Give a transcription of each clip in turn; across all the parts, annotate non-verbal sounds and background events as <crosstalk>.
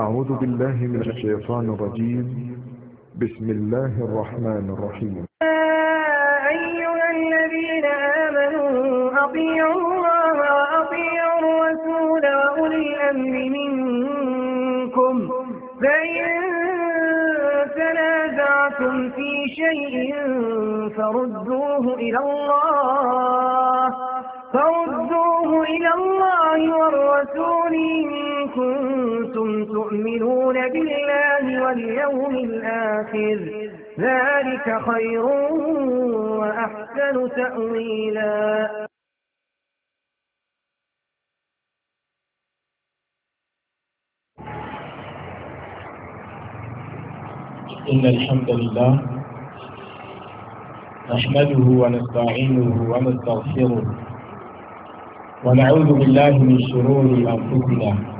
أعوذ بالله من الشيطان الرجيم بسم الله الرحمن الرحيم يا أيها الذين آمنوا أطيعوا الله وأطيعوا الرسول وأولي الأمر منكم فإن تنازعتم في شيء فردوه إلى الله فردوه إلى الله والرسول إن كنتم تؤمنون بالله واليوم الآخر ذلك خير وأحسن تأويلا إن الحمد لله نحمده ونستعينه ونستغفره ونعوذ بالله من شرور أنفسنا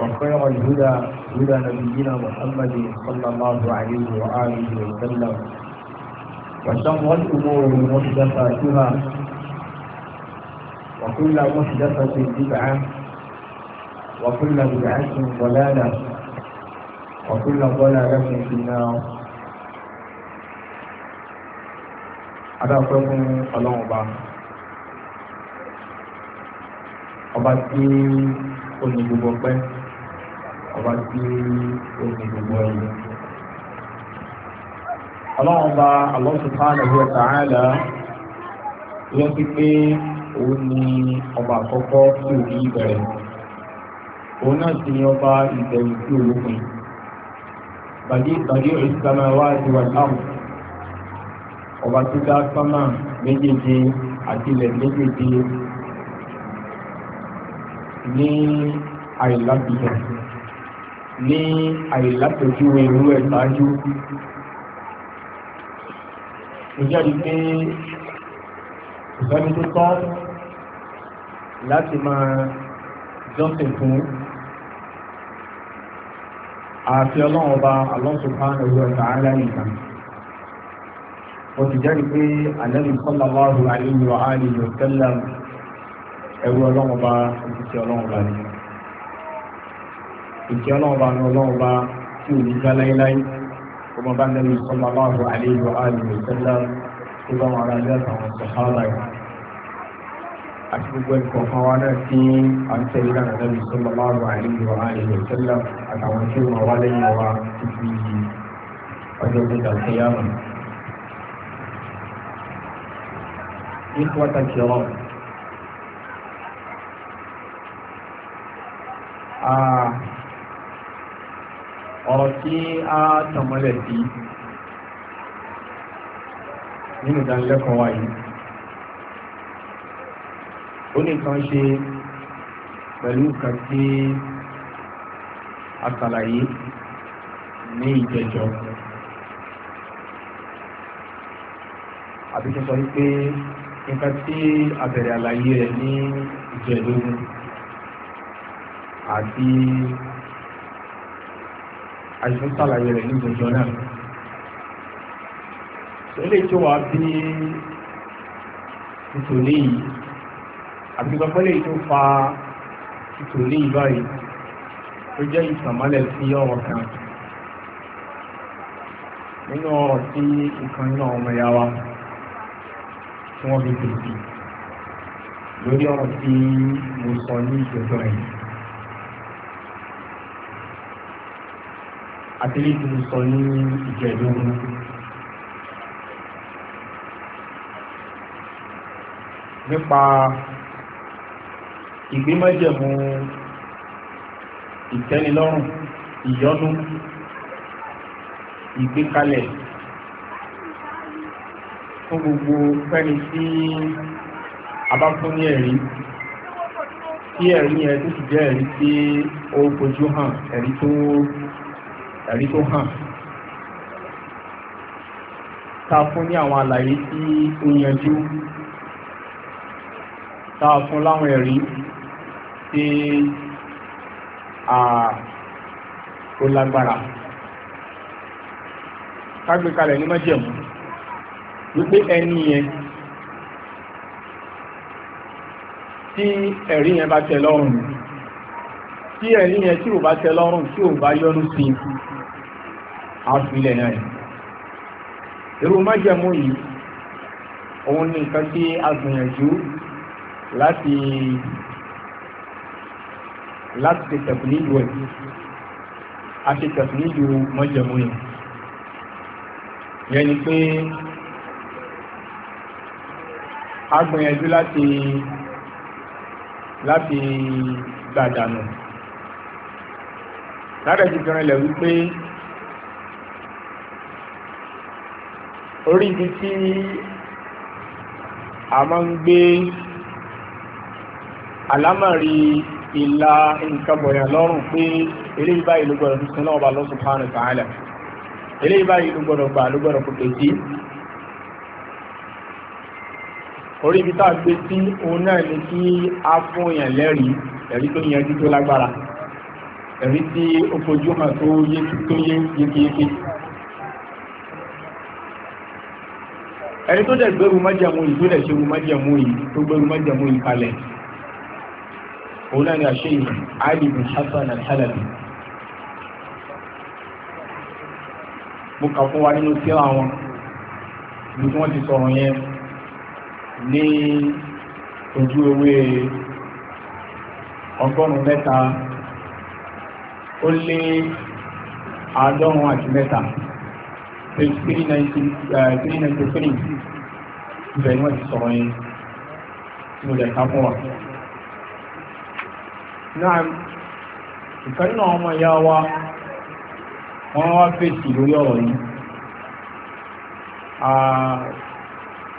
وخير الهدى هدى نبينا محمد صلى الله عليه وآله وسلم وشر الأمور محدثاتها وكل محدثة بدعة وكل بدعة ضلالة وكل ضلالة في النار هذا أقول الله ọba tí ó ní gbogbo pẹ́ ọba tí ó ti gbogbo ẹ̀yìn. ọlọ́run bá Allah subhanahu wa ta'ala lọ sí pé òun ni ọba àkọ́kọ́ tí ò ní ìbẹ̀rẹ̀ òun náà sì ni ọba ìbẹ̀rù tí ò lópin bàdí ìsàmà wá ti wà láwù ọba tó dá sámà méjèèjì àti ilẹ̀ méjèèjì ní àìlábìyàn ní àìlátòjú irú ẹ̀ sáájú ó jáde pé ìsọ́ni tó tán láti máa jọ́sìn fún àti ọlọ́run ọba Allah subhanahu wa ta'ala nìkan ó ti jáde pé àlẹ́lù sallallahu alayhi wa alihi wa sallam ẹ̀rù ọlọ́run ọba ìfìsí ọlọ́run ọba nìkan ìkẹ́ ọlọ́run bá ní ọlọ́run bá tí ò ní já láíláí kó máa bá nẹ́bí sọ́mọ́ aláàbò àlejò àlejò ìtẹ́lá tó bá wọn aráàlú àtàwọn sọ̀hálà yìí àti gbogbo ẹ̀kọ́ kan wá náà tí a ń tẹ̀lé náà nẹ́bí sọ́mọ́ aláàbò àlejò àlejò ìtẹ́lá àtàwọn tí ó wá lẹ́yìn wa títí ọjọ́ gbọ́dọ̀ àtẹ́yàmù. إخوة الكرام آه ọ̀rọ̀ tí a tàmọ́lẹ̀ sí nínú ìdánilẹ́kọ̀ọ́ wa yìí ó ní kan ṣe pẹ̀lú kan tí a ṣàlàyé ní ìjẹjọ́ àbí kí n sọ wípé nǹkan tí a bẹ̀rẹ̀ àlàyé rẹ̀ ní ìjẹ̀lógún àti àìsàn sàlàyé rẹ̀ ní ìjọ náà ilé tí wà bí ìtòlé yìí àbígbàpẹ́lẹ̀ tó fa ìtòlé yìí báyìí tó jẹ́ ìsànmọ́lẹ̀ sí ọ̀rọ̀ kan nínú ọ̀rọ̀ tí ìkan náà ọmọ ya wa tí wọ́n fi tètè lórí ọ̀rọ̀ tí mo sọ ní ìjọjọ́ yìí àtẹ́lẹ́ tó sọ ní ìjẹ̀dógún nípa ìgbémọ́jẹ̀mú ìtẹ́nilọ́rùn ìyọ́nú ìgbékalẹ̀ fún gbogbo fẹ́ni tí a bá fún ní ẹ̀rí tí ẹ̀rí yẹn tó sì jẹ́ ẹ̀rí tí ó fojú hàn ẹ̀rí tó ẹ̀rí tó hàn ta fún ní àwọn àlàyé tí ó yanjú ta fún láwọn ẹ̀rí tí a ó lágbára kágbé kalẹ̀ ní májẹ̀mú wípé ẹni yẹn tí ẹ̀rí yẹn bá tẹ́ lọ́rùn tí ẹ̀rí yẹn tí ò bá tẹ́ lọ́rùn tí ò bá yọ́nú sí àfilẹ̀ náà irú májẹ̀mú yìí òun ni nǹkan tí a gbìyànjú láti láti ṣe tẹ̀kùnílù ẹ̀ a ṣe tẹ̀kùnílù májẹ̀mú yìí yẹn ni pé a gbìyànjú láti láti gbàdànù láti ẹ̀sìn fẹ́ràn ilẹ̀ wípé orí ibi tí a máa ń gbé àlámọ̀rí ìlà nǹkan bọ̀yàn lọ́rùn pé eléyìí báyìí ló gbọ́dọ̀ tuntun náà ọba Allah subhanahu wa ta'ala eléyìí báyìí ló gbọ́dọ̀ gbà ló gbọ́dọ̀ kò pèsè orí ibi tá a gbé sí òun náà ni kí a fún èèyàn lẹ́rìí ẹ̀rí tó yanjú tó lágbára ẹ̀rí tí ó fojú hàn tó yé tó yé yékéyéké ẹni tó dẹ̀ gbẹ́rù májàmú yìí tó dẹ̀ ṣe májàmú yìí tó gbẹ́rù májàmú yìí kalẹ̀ òun náà ni àṣẹ yìí Ali bin Hasan al-Halabi mo kà fún wa nínú síra wọn bí wọ́n ti sọ̀rọ̀ yẹn ní ojú ewé ọgọ́rùn-ún mẹ́ta ó lé àádọ́rùn àti mẹ́ta page eh, three ninety three ibẹ̀ ni wọ́n ti sọ̀rọ̀ yẹn tí mo lè ká fún wa. náà ìkan nínú àwọn ọmọ ìyá wa wọ́n wá fèsì lórí ọ̀rọ̀ yìí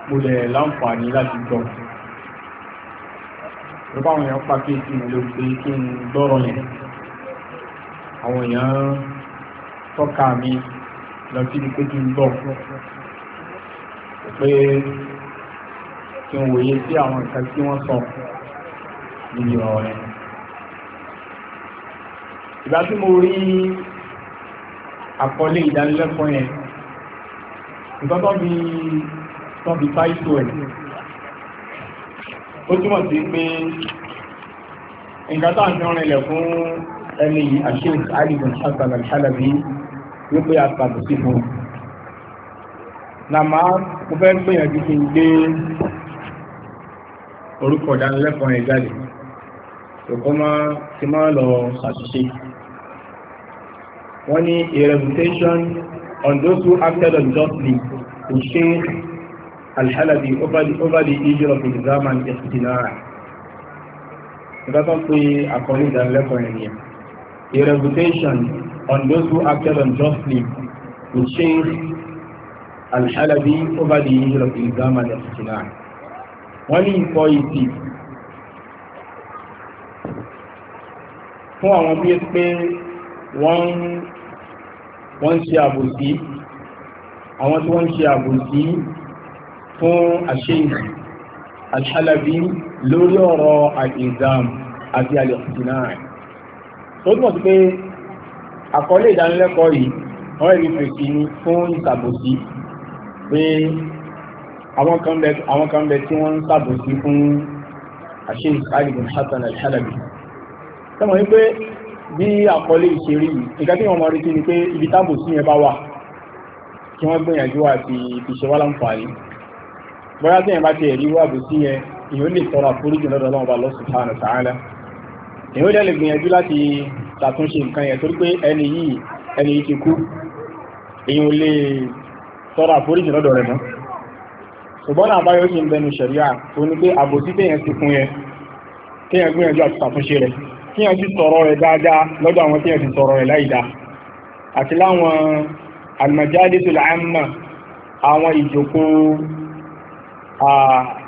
mo lè láǹfààní láti gbọ́ lọ́pọ̀ àwọn èèyàn pàkíyèsí mi ló pé kí n gbọ́rọ̀ yẹn àwọn èèyàn tọ́ka mi lọ sí ibi pé kí n lọ pé kí n wòye sí àwọn nǹkan tí wọ́n sọ níbi ọ̀rọ̀ yẹn ìgbà tí mo rí àkọlé ìdánilẹ́kọ̀ọ́ yẹn nǹkan tó bí tó bí táìtò ẹ̀ ó túmọ̀ sí pé nǹkan tó àjọ rìnlẹ̀ fún ẹni àṣírí Ali bin Hasan al-Halabi wípé àtàbí sí fún nàmá mo fẹ́ gbìyànjú kí n gbé orúkọ ìdánilẹ́kọ̀ọ́ yẹn jáde kò máa ti máa lọ ṣàṣìṣe wọ́n ní a reputation on those who acted unjustly to Sheikh al-Halabi over the over the issue of exam and extinara. ìbátan pé àkọlé ìdánilẹ́kọ̀ọ́ yẹn nìyẹn a reputation on those who acted unjustly with Sheikh Al-Halabi over the issue of Islam and Islam. Wọ́n ní ìkọ́ ìsì fún àwọn bí pé wọ́n ṣe àbòsí, àwọn tí wọ́n ṣe àbòsí fún Sheikh Al-Halabi lórí ọ̀rọ̀ al-Islam àti al-Islam tó túmọ̀ sí pé àkọlé ìdánilẹ́kọ̀ọ́ yìí wọ́n rí fèsì ní fún ìsàbòsí pé àwọn kan bẹ tí wọ́n ń sàbòsí fún àṣírí alìbùn hassan al-halabi sọmọ wípé bí àkọlé ìṣeré yìí nǹkan tí wọ́n mọ̀ rí sí ni pé ibi tábòsí yẹn bá wà kí wọ́n gbìyànjú àti ìṣe wá láǹfààní bóyá tí yẹn bá ti ẹ̀rí wà bòsí yẹn ìyóò lè tọrọ àforíjì lọ́dọ̀ ọlọ́run bá lọ́sùn èyí ó dẹ̀ lè gbìyànjú láti ṣàtúnṣe nǹkan yẹn torí pé ẹni yìí ẹni yìí ti kú èyí ò lè sọ̀rọ̀ àforíjì lọ́dọ̀ rẹ̀ mọ́ ṣùgbọ́n náà báyọ̀ sì ń bẹnu ṣẹ̀ríà tó ní pé àbòsí téèyàn ti fún yẹn téèyàn gbìyànjú àti ṣàtúnṣe rẹ̀ téèyàn ti sọ̀rọ̀ rẹ̀ dáadáa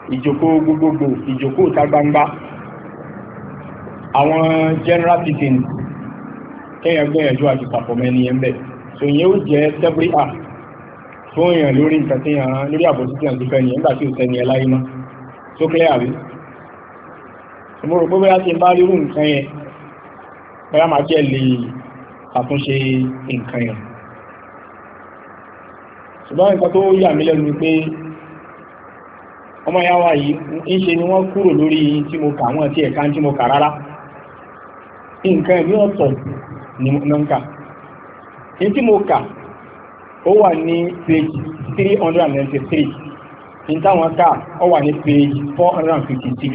gbogbogbò ìjókòó ìta gbangba àwọn general picking kẹ́yàn gbìyànjú àti pàfọ́mọ́ ẹni yẹn so ìyẹn ó jẹ́ tẹ́bírí à fún èèyàn lórí nǹkan tí yàn án lórí àbòsí tí yàn ti ni nígbà tí ò sẹ́ni ẹ láyé mọ́ tó clear àbí mo rò pé bóyá ti bá rírù nǹkan yẹn bóyá máa jẹ́ lè àtúnṣe nǹkan yẹn ṣùgbọ́n nǹkan tó yà mí lẹ́nu pé ọmọ yàwá yìí ń ṣe ni wọ́n kúrò lórí tí mo kà wọ́n tí ẹ̀ka tí mo kà rárá nǹkan ẹ̀mí ọ̀tọ̀ ni mo ń kà ní tí mo kà ó wà ní page three hundred and ninety three ní táwọn kà ó wà ní page four hundred and fifty six.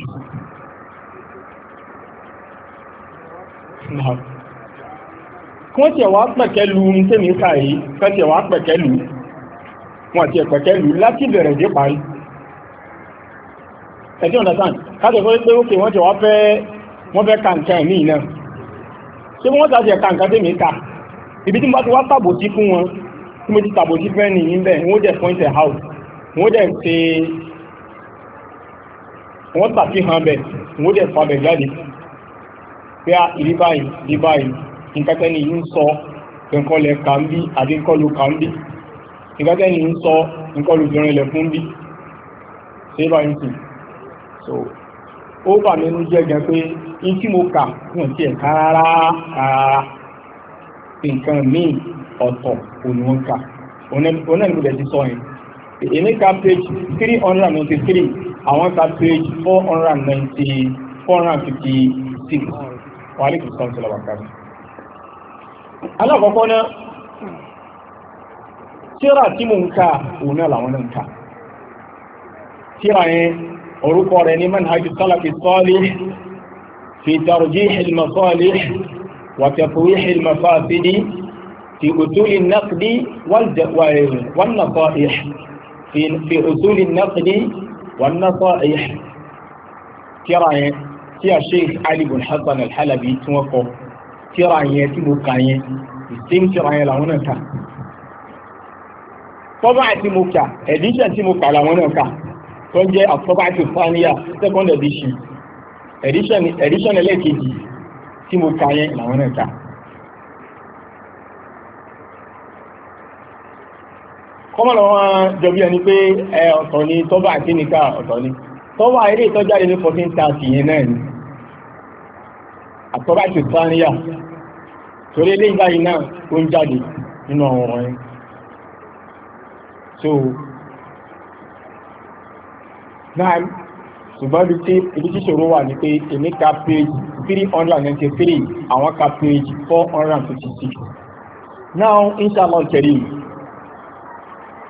kí wọ́n tiẹ̀ wá pẹ̀kẹ́lu ní tèmi kà yìí kí wọ́n tiẹ̀ wá pẹ̀kẹ́lu wọn ti ẹ̀pẹ̀kẹ́ lù láti bẹ̀rẹ̀ dé parí ẹ̀tí understand káàkiri fẹ́ pé ókè wọ́n jọ wá fẹ́ wọ́n fẹ́ kàǹkà ẹ̀mí náà ṣé wọ́n tàṣẹ ẹ̀ka nǹkan tèmi kà ibi tí mo bá ti wá tàbòtí fún wọn tí mo ti tàbòtí fẹ́ nìyí ń bẹ̀ wọ́n dẹ̀ point ẹ̀ out wọ́n dẹ̀ ṣe wọ́n tàfihàn bẹ̀ wọ́n dẹ̀ fa bẹ̀ jáde pé a ìrí báyìí di báyìí nǹkan tẹ́ni yìí ń sọ nǹkan lẹ̀ kà ń bí àbí nǹkan ló kà ń bí nǹkan tẹ́ni ń sọ nǹkan ló jẹrin lẹ̀ fún bí ṣé báyìí sì so ó bà mí nú jẹ́ gan pé in tí mo kà fún ọ̀tí ẹ̀ka rárá rárá nǹkan míì ọ̀tọ̀ kò ní wọ́n kà onáà ní bẹ̀rẹ̀ ti sọ yẹn èmi ka page three hundred and ninety three àwọn ka page four hundred and ninety four hundred and fifty six wàhálì kìí sọ́ọ́ sílẹ̀ wákàtí. alákọ̀ọ́kọ́ náà tíra tí mo ń ka òun náà làwọn náà ń ka tíra yẹn orúkọ rẹ̀ ní manhajjú salafi salih fi tarjihil masalih wa tafwihil mafasidi fi usuli naqdi wal nasaih fi usuli naqdi wal nasaih tírà yẹn tí a sheikh ali bin hasan al-halabi tí wọ́n kọ tírà yẹn tí mo kà yẹn náà kà tọ́bà tó jẹ́ àfọ́bàtì fania second edition edition edition ẹlẹ́kejì tí mo ka yẹn làwọn náà ka. kọ́mọ̀lọ́ wọn jọ bí ẹni pé ẹ ọ̀tọ̀ ni tọ́ba àti nìka ọ̀tọ̀ ni tọ́ba eré ìtọ́jáde ní fourteen thirty yẹn náà ni àfọ́bàtì fania torí eléyìí báyìí náà ó ń jáde nínú àwọn ọ̀rọ̀ yẹn. so 9 ṣùgbọ́n ibi tí ibi tí wà page three hundred and ka page four hundred and fifty six now inshallah kerim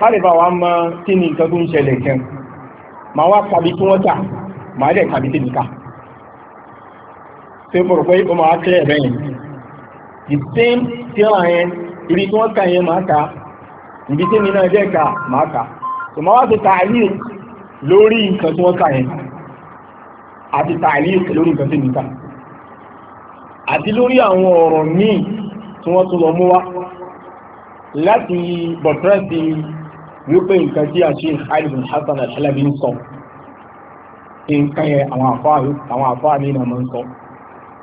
kálíbà wa mọ kí ni nǹkan tó ń ṣẹlẹ̀ màá wá kàbí tí wọ́n tà màá dẹ̀ kàbí tèmi ká ṣé pé ó máa yẹn the same ibi tí wọ́n kà yẹn màá kà ibi lórí nǹkan tí wọ́n kà yẹn àti tààlí lórí nǹkan tí mi kà àti lórí àwọn ọ̀rọ̀ míì tí wọ́n tún lọ mú wá láti bọ̀tẹ́rẹ́sì wípé nǹkan tí a ṣe àìsàn Hasan al-Halabi ń sọ nǹkan yẹn àwọn àfáà mi náà máa ń sọ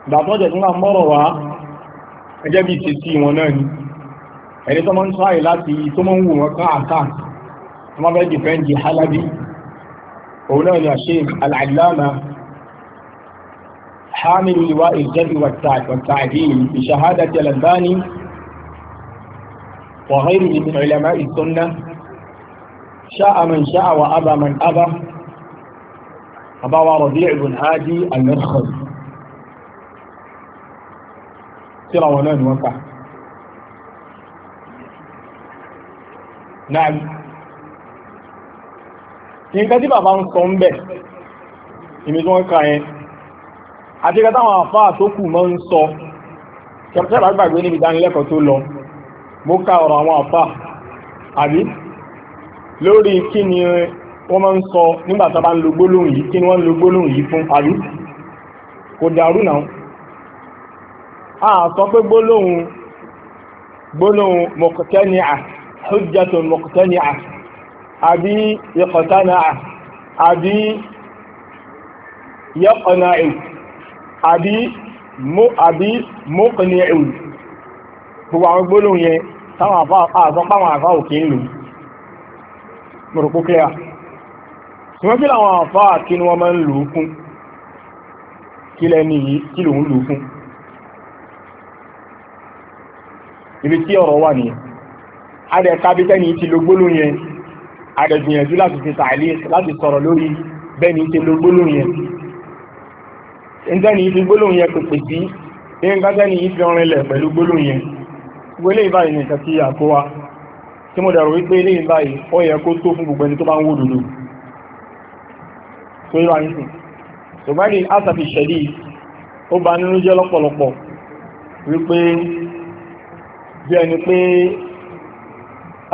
ìgbà tó tí wọ́n mọ́rọ̀ wá ẹjẹ́ bí ti sí wọn náà ni ẹni tó máa ń tráyè láti tó máa ń wù wọn káàkáà tó máa fẹ́ dìfẹ́ǹdì Halabi òun يا شيخ العلامة حامل لواء الجد والتعديل بشهادة الألباني وغيره من علماء السنة شاء من شاء وأبى من أبى أبوى ربيع بن هادي المرخز سيرة ونان وقع نعم nǹkan tí bàbá ń sọ ń bẹ̀ ìmì tí wọ́n ka yẹn àti ẹ̀ka táwọn àfáà tó kù mọ́ ń sọ ṣẹ̀bá gbàgbé níbi ìdánilẹ́kọ̀ọ́ tó lọ mo ka ọ̀rọ̀ àwọn àfáà àbí lórí kí ni wọ́n máa ń sọ nígbà tá bá ń lo gbólóhùn yìí kí ni wọ́n ń lo gbólóhùn yìí fún àbí kò dàrú náà a sọ pé gbólóhùn gbólóhùn mọ̀kọ̀tẹ́ni à hujjatun mọ̀kọ̀tẹ́ni à àbí yọkọ̀tánàá àbí yọkọ̀náà àbí mọ́kànlẹ̀ ẹ̀wù gbogbo àwọn gbólóhùn yẹn táwọn àfáwọn àfá òkè ń lò mọ̀rọ̀kú kíyà ṣùgbọ́n kí láwọn àfá kí ni wọ́n máa ń lò fún kí lẹ́ni yìí kí lòun lò fún ibi tí ọ̀rọ̀ wà nìyẹn adẹ̀kábítẹ́ni ti lo gbólóhùn yẹn àdẹ̀gbìyànjú láti fi tààlé láti sọ̀rọ̀ lórí bẹ́ẹ̀ni ṣe lo gbólóhùn yẹn ìjẹ́ni ibi gbólóhùn yẹn kò pè sí ní ń gájẹ́ ní ife ọrin lẹ̀ pẹ̀lú gbólóhùn yẹn gbogbo eléyìí báyìí ní nǹkan tí àkó wa tí mo dẹ̀rọ wípé eléyìí ẹni pé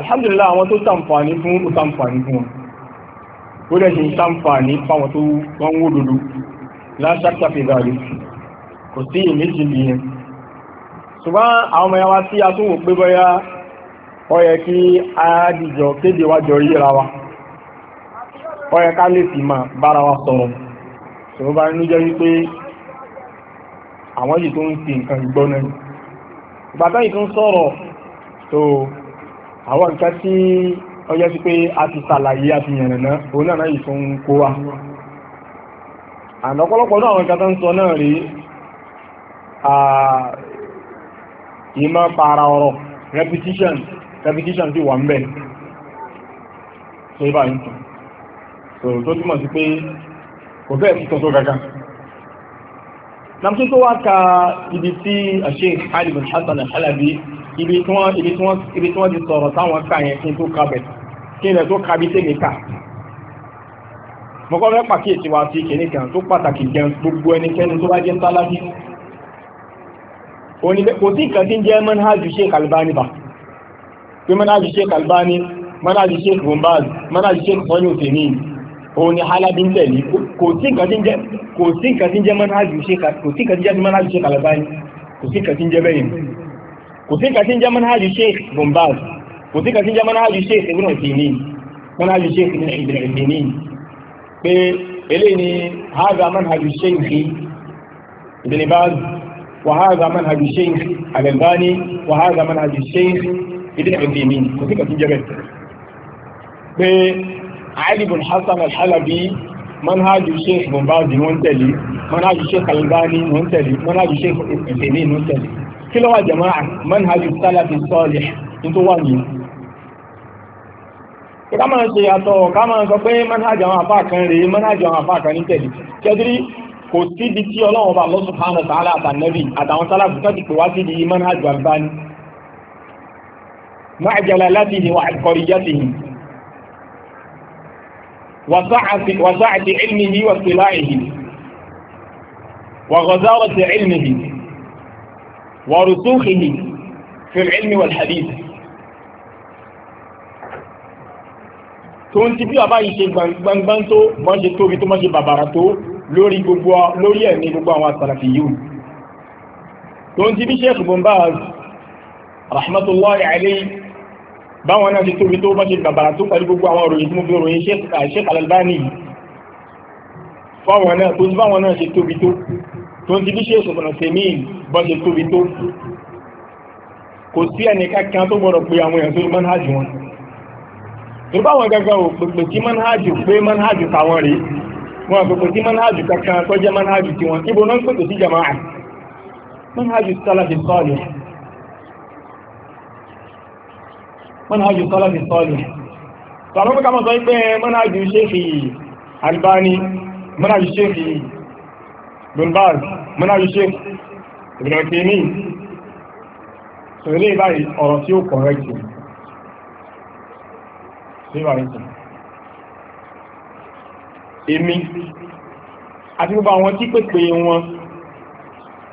alhamdulillah àwọn tó sàǹfààní fún ó sàǹfààní fún wọn ó dẹ̀ ṣe sàǹfààní fáwọn tó wọ́n ń wó dodo láṣàkà fìdárì kò sí ìméjì nìyẹn ṣùgbọ́n àwọn ọmọ yawa tí a tún wò pé bóyá ó kí a dìjọ kéde wájọ yíra wa ó yẹ ká lè fi mà bára wa sọ̀rọ̀ ṣùgbọ́n bá nínú jẹ́ wípé àwọn yìí tó ń fi nǹkan gbọ́ náà bàtà yìí tó ń sọ̀rọ̀ àwọn nǹkan tí ọjọ́ sí pé a ti sàlàyé a ti yànnàná òun náà yìí fún kó wa àná ọ̀pọ̀lọpọ̀ náà àwọn nǹkan ń sọ náà rí ìmọ̀ para ọ̀rọ̀ repetition repetition ti wà ń bẹ̀ tó so tó túmọ̀ sí pé kò bẹ́ẹ̀ sí tọ́tọ́ kankan nàmtí tó wá ka ibi tí àṣẹ Ali bin Hasan halabi ibi tí wọ́n ibi tí wọ́n ibi tí wọ́n ti sọ̀rọ̀ táwọn ká yẹn kí n tó kabẹ̀ kí n lẹ̀ tó kabi tèmi ká mọ̀kọ́ fẹ́ pàkíyèsí wa sí kìíní kan tó pàtàkì jẹun gbogbo ẹnikẹ́ni tó bá jẹ́ sálábí kò sí nǹkan tí ń jẹ́ manhajù Sheikh Albani bá pé manhajù Sheikh Albani manhajù Sheikh bombaz manhajù Sheikh sọ́yìn òsèmí òun ni kò sí nǹkan tí ń jẹ́ bẹ́yìn kò sí kàtí ń jẹ́ manhajù sheikh bombaz kò sí kàtí ń jẹ́ manhajù sheikh ibn ìfìní manhajù sheikh ibn ìfìní pé eléyìí ni haza manhajù sheikh ibn baz wa haza manhajù sheikh al-Albani wa haza manhajù sheikh ibn ìfìní kò sí kàtí ń jẹ́ bẹ́ẹ̀ pé Ali bin Hassan al-Halabi sheikh bombaz wọ́n tẹ̀lé manhajù sheikh albani wọ́n tẹ̀lé manhajù sheikh ìfìní wọ́n tẹ̀lé kí ló wà jama'a manhaju salafi salih nítorí wà nìyí ká máa ṣe àtọ̀ ká máa sọ pé manhajj àwọn àfáà kan rèé manhajj àwọn àfáà kan ní tẹ̀lé kẹ́dírí kò síbi tí ọlọ́run bá lọ́sùn hàn sàálà àtànẹ́bì àtàwọn sálàfù tó ti pè wá síbi manhajj Albani máa jẹ́la láti ìwà àkọrí jáde yìí wàsáàtì ilmihi wà ilmihi ورسوخه في العلم والحديث tóun ti bí bàbá yìí ṣe gbangban tó wọ́n ṣe tóbi tó wọ́n ṣe bàbàrà tó lórí gbogbo lórí ẹ̀mí gbogbo àwọn àsàlàfì yìí tóun ti bí Sheikh Ibn Baz rahmatullahi alayhi báwọn náà ṣe tóbi tó wọ́n ṣe bàbàrà tó pẹ̀lú gbogbo àwọn òròyìn tí mo fi ròyìn Sheikh Al-Albani fáwọn náà tó ti báwọn náà ṣe tóbi tó ń ti bí ṣe ìṣòfin ọ̀sẹ̀ míì bọ́ ṣe tóbi tó kò sí ẹnìká kan tó gbọ́dọ̀ pé àwọn èèyàn tó manhajì wọn nípa àwọn gẹ́gẹ́ ò pèpè tí manhajì pé manhajì tàwọn rèé wọn pèpè tí manhajì kankan tó jẹ́ manhajì tí wọn ibo náà pèpè sí jama'a manhajì sálàfi sọ́ọ̀lì manhajì sálàfi sọ́ọ̀lì sọ̀rọ̀ pé ká mọ̀ sọ pé manhajì ṣe fi Albani manhajì ṣe fi bin baz muna yi sheik ibn al-kini so ilé báyìí ọ̀rọ̀ tí ó correct ṣe báyìí sí èmi àti gbogbo àwọn tí pèpè wọn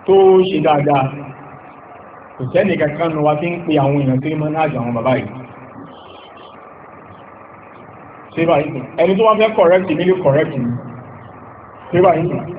tó ṣe dáadáa kò sẹ́ni kankan nu wa ti ń pe àwọn èèyàn tí mọ́ náà jẹ àwọn bàbá yìí ṣe báyìí sí ẹni tó wá fẹ́ correct mi lè ṣe báyìí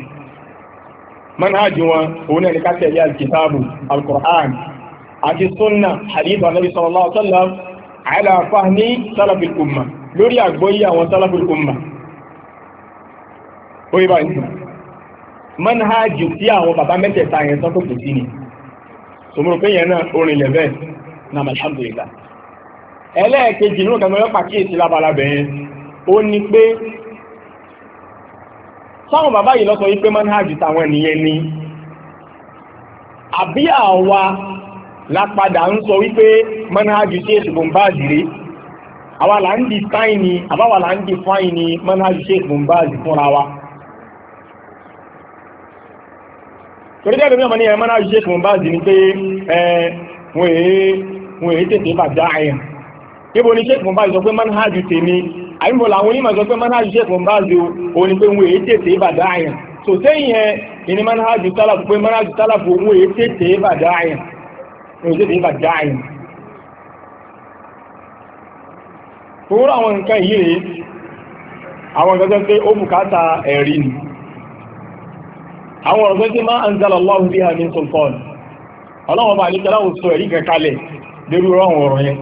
manhajì wọn òun náà ní ká tẹ̀lé alkitabu alkur'an àti sunna hadith anabi sallallahu alaihi wa sallam ala fahmi salafil umma lórí àgbọ́yé àwọn salafil umma ó yí báyìí manhajì tí àwọn bàbá mẹ́tẹ̀ẹ̀ta yẹn sọ́kò kò sí ni sọmọ pé yẹn náà sáwọn bàbá yìí lọ́sọ wípé manhajì táwọn ènìyàn ni àbí àwa lápadà ń sọ wípé manhajì ṣe ìṣùgbọ́n bá àwa là ń di fáìní àbáwa là ń di fáìní manhajì ṣe ìṣùgbọ́n fúnra wa ọmọ ní ẹ manhajì ṣe ìṣùgbọ́n pé ẹ wọ́n èé tètè bàjá níbo ni sọ pé àyìnbó làwọn onímọ̀ sọ pé manhaj Sheikh Ibn Baz o ní pé wọn èyí tètè bàdá àyàn tó sẹ́yìn ẹ ìní manhaj sálàfù pé manhaj sálàfù wọn èyí tètè bàdá àyàn wọn tètè bàdá àyàn. òwúrọ̀ àwọn nǹkan yìí rèé àwọn nǹkan pé ó bùkátà ẹ̀rí ni àwọn ọ̀rọ̀ máa biha min sultan ọlọ́wọ́n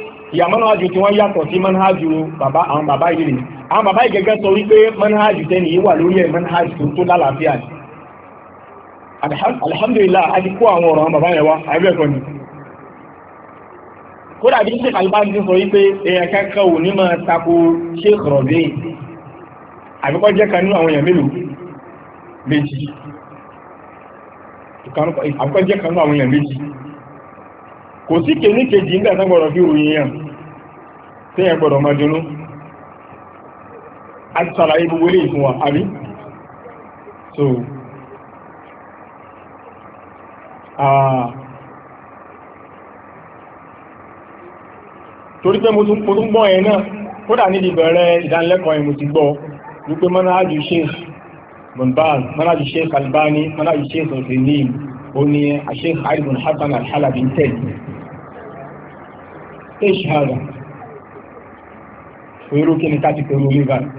ìyá manhajù tí wọ́n yàtọ̀ sí manhajù bàbá àwọn bàbá yìí rè àwọn bàbá yìí gẹ́gẹ́ sọ wípé manhajù tẹ́ni yìí wà lórí ẹ̀ manhajù tó tó lálàáfíà ni alhamdulillah a ti kó àwọn ọ̀rọ̀ àwọn bàbá yẹn wá àbẹ́ẹ̀kọ́ ni kódà bí sheikh albani sọ wípé èèyàn kankan ò ní máa tako sheikh rọ̀bìn àbíkọ́ jẹ́ kan nínú àwọn èèyàn mélòó méjì àbíkọ́ jẹ́ kan nínú àwọn èèyàn méjì kò sí kèní kejì ń dàtà gbọ́dọ̀ fi òyìn yàn tí ẹ gbọ́dọ̀ máa dúnú a ti sàlàyé gbogbo ilé ìfún wa àbí so torí pé mo tún gbọ́ ẹ̀ náà kódà níbi bẹ̀rẹ̀ ìdánilẹ́kọ̀ọ́ ẹ̀ mo ti gbọ́ wípé mọ́nájú Sheikh Bonbaz mọ́nájú Sheikh Albani mọ́nájú Sheikh Othaymeen ó ní Sheikh Ali bin al-Halabi ń tẹ̀lé ṣáàrà èrò kí ni ká ti pẹ̀lú olè báyìí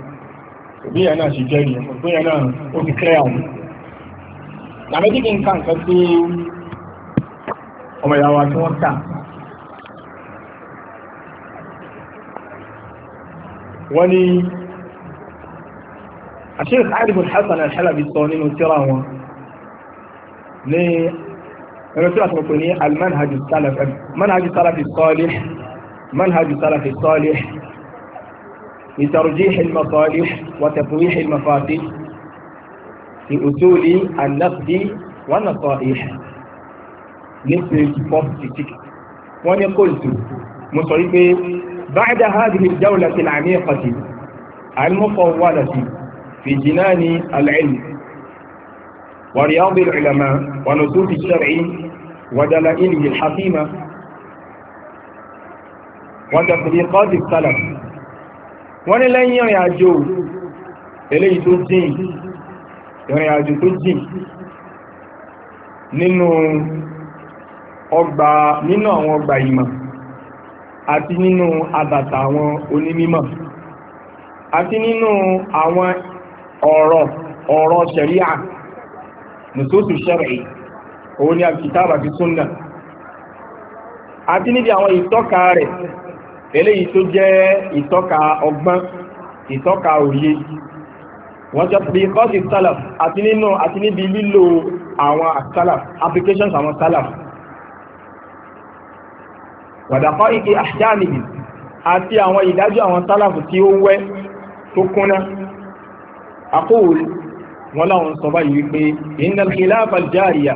òbíyàn náà ṣe jẹ́rìí òbíyàn náà ó fi kẹ́ àwọn làmẹ́jì kí n ká nǹkan tí ọmọ ìyàwó àti wọ́n kà wọ́n ní àṣírí àdìbò Hasan al-Halabi sọ nínú tíra wọn ní ẹ̀rọ tíra tó pè ní al-manhaj as منهج السلف الصالح لترجيح المصالح وتفويح المفاسد في أصول النقد والنصائح مثل فوستيك وأنا قلت مصيبة بعد هذه الجولة العميقة المطولة في جنان العلم ورياض العلماء ونصوص الشرع ودلائله الحكيمة wọ́n tẹ̀ fìdí kọ́ọ̀dì sálà wọ́n ní lẹ́yìn ìrìn àjò eléyìí tó jìn ìrìn àjò tó jìn nínú ọgbà nínú àwọn ọgbà ìmọ̀ àti nínú àbàtà àwọn onímímọ̀ àti nínú àwọn ọ̀rọ̀ ọ̀rọ̀ ṣẹ̀ríà nùsóòtù ṣẹ̀rẹ̀ òun ni àkìtàbà ti súnnà àti níbi àwọn ìtọ́ka rẹ̀ eléyìí tó jẹ́ ìtọ́ka ọgbọ́n ìtọ́ka òye wọ́n jọ pé kọ́sì salaf àti nínú àti níbi lílo àwọn salaf applications àwọn salaf wàdàkọ́ ike àṣáàmìlì àti àwọn ìdájọ́ àwọn salaf tí ó wẹ́ tó kúnná àkóòl wọ́n láwọn sọ báyìí wípé innal khilafa al-jariya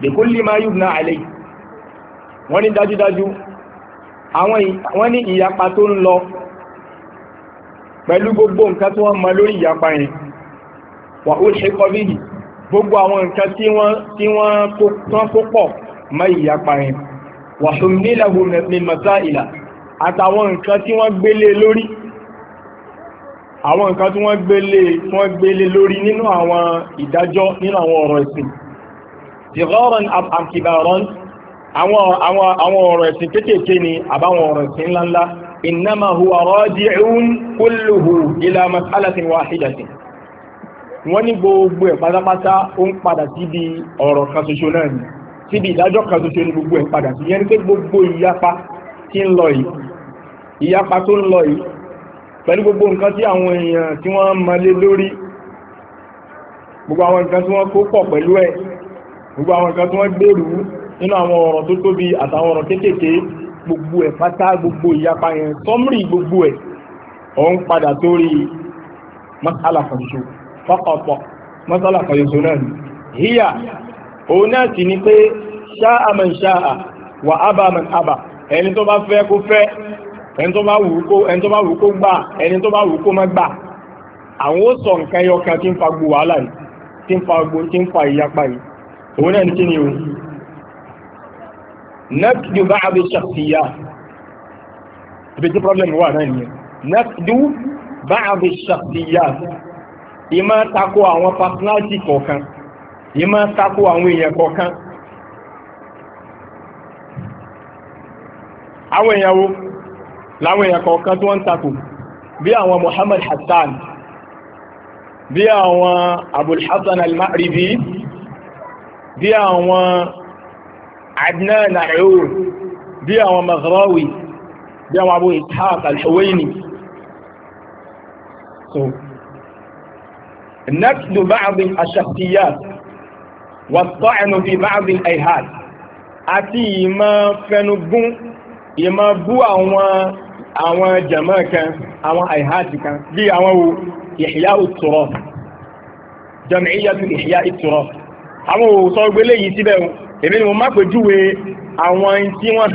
li kulli ma yubna alayhi wọ́n ní dájúdájú àwọn ní ìyapa tó ń lọ pẹ̀lú gbogbo nǹkan tí wọ́n mọ lórí ìyapa yẹn wà ó ṣe kọ́ bíyì gbogbo àwọn nǹkan tí wọ́n kó pọ̀ mọ́ ìyapa yẹn wà ṣùmílẹ̀hù mẹ́mọ̀tá ìlà àtàwọn nǹkan tí wọ́n gbélé lórí àwọn nǹkan tí wọ́n gbélé lórí nínú àwọn ìdájọ́ nínú àwọn ọ̀rọ̀ ìsìn àwọn àwọn àwọn ọ̀rọ̀ ẹ̀sìn kéékèèké ni àbáwọn ọ̀rọ̀ ẹ̀sìn ńláńlá innama huwa raji'un kulluhu ila mas'alatin wahidatin wọ́n ní gbogbo ẹ̀ pátápátá ó ń padà síbi ọ̀rọ̀ kan ṣoṣo náà ni síbi ìdájọ́ kan ṣoṣo ní gbogbo ẹ̀ padà sí yẹn ni pé gbogbo ìyapa tí ń lọ yìí ìyapa tó ń lọ yìí pẹ̀lú gbogbo nǹkan tí àwọn èèyàn tí wọ́n mọ lé lórí gbogbo àwọn nǹkan tí wọ́n kó pọ̀ pẹ̀lú ẹ̀ gbogbo àwọn nǹkan tí wọ́n gbèrú nínú àwọn ọ̀rọ̀ tó tóbi àtàwọn ọ̀rọ̀ kéékèèké gbogbo ẹ̀ pátá gbogbo ìyapa yẹn sọ́mùrì gbogbo ẹ̀ òun padà sórí masala fàṣọ fọ́kọ̀pọ̀ masala fàṣọ náà ni híyà òun náà sì ni pé ṣáà man ṣáà wà ábà man ábà ẹni tó bá fẹ́ kó fẹ́ ẹni tó bá wù kó ẹni tó bá wù kó gbà ẹni tó bá wù kó نقد بعض الشخصيات بدي بروبليم واحد نقد بعض الشخصيات إما تقوى أو فاسناتي كوكا إما تقوى أو يا كوكا أو يا و لا و يا كوكا توان تقوى بيا و محمد حسان بيا و أبو الحسن المعرفي بيا و adnan ayur bí àwọn maghrawi bí àwọn abu ishaq al-huwaini so نقد بعض الشخصيات والطعن في بعض الأيهات àti ìmọ̀ fẹnugún ìmọ̀ bú àwọn àwọn jàmọ́ kan àwọn àìháàtì kan bí àwọn Ihya al-Turaf Jam'iyyatu àwọn òòsọ gbélé yìí síbẹ̀ o èmi ni mo má pè júwe àwọn tí wọ́n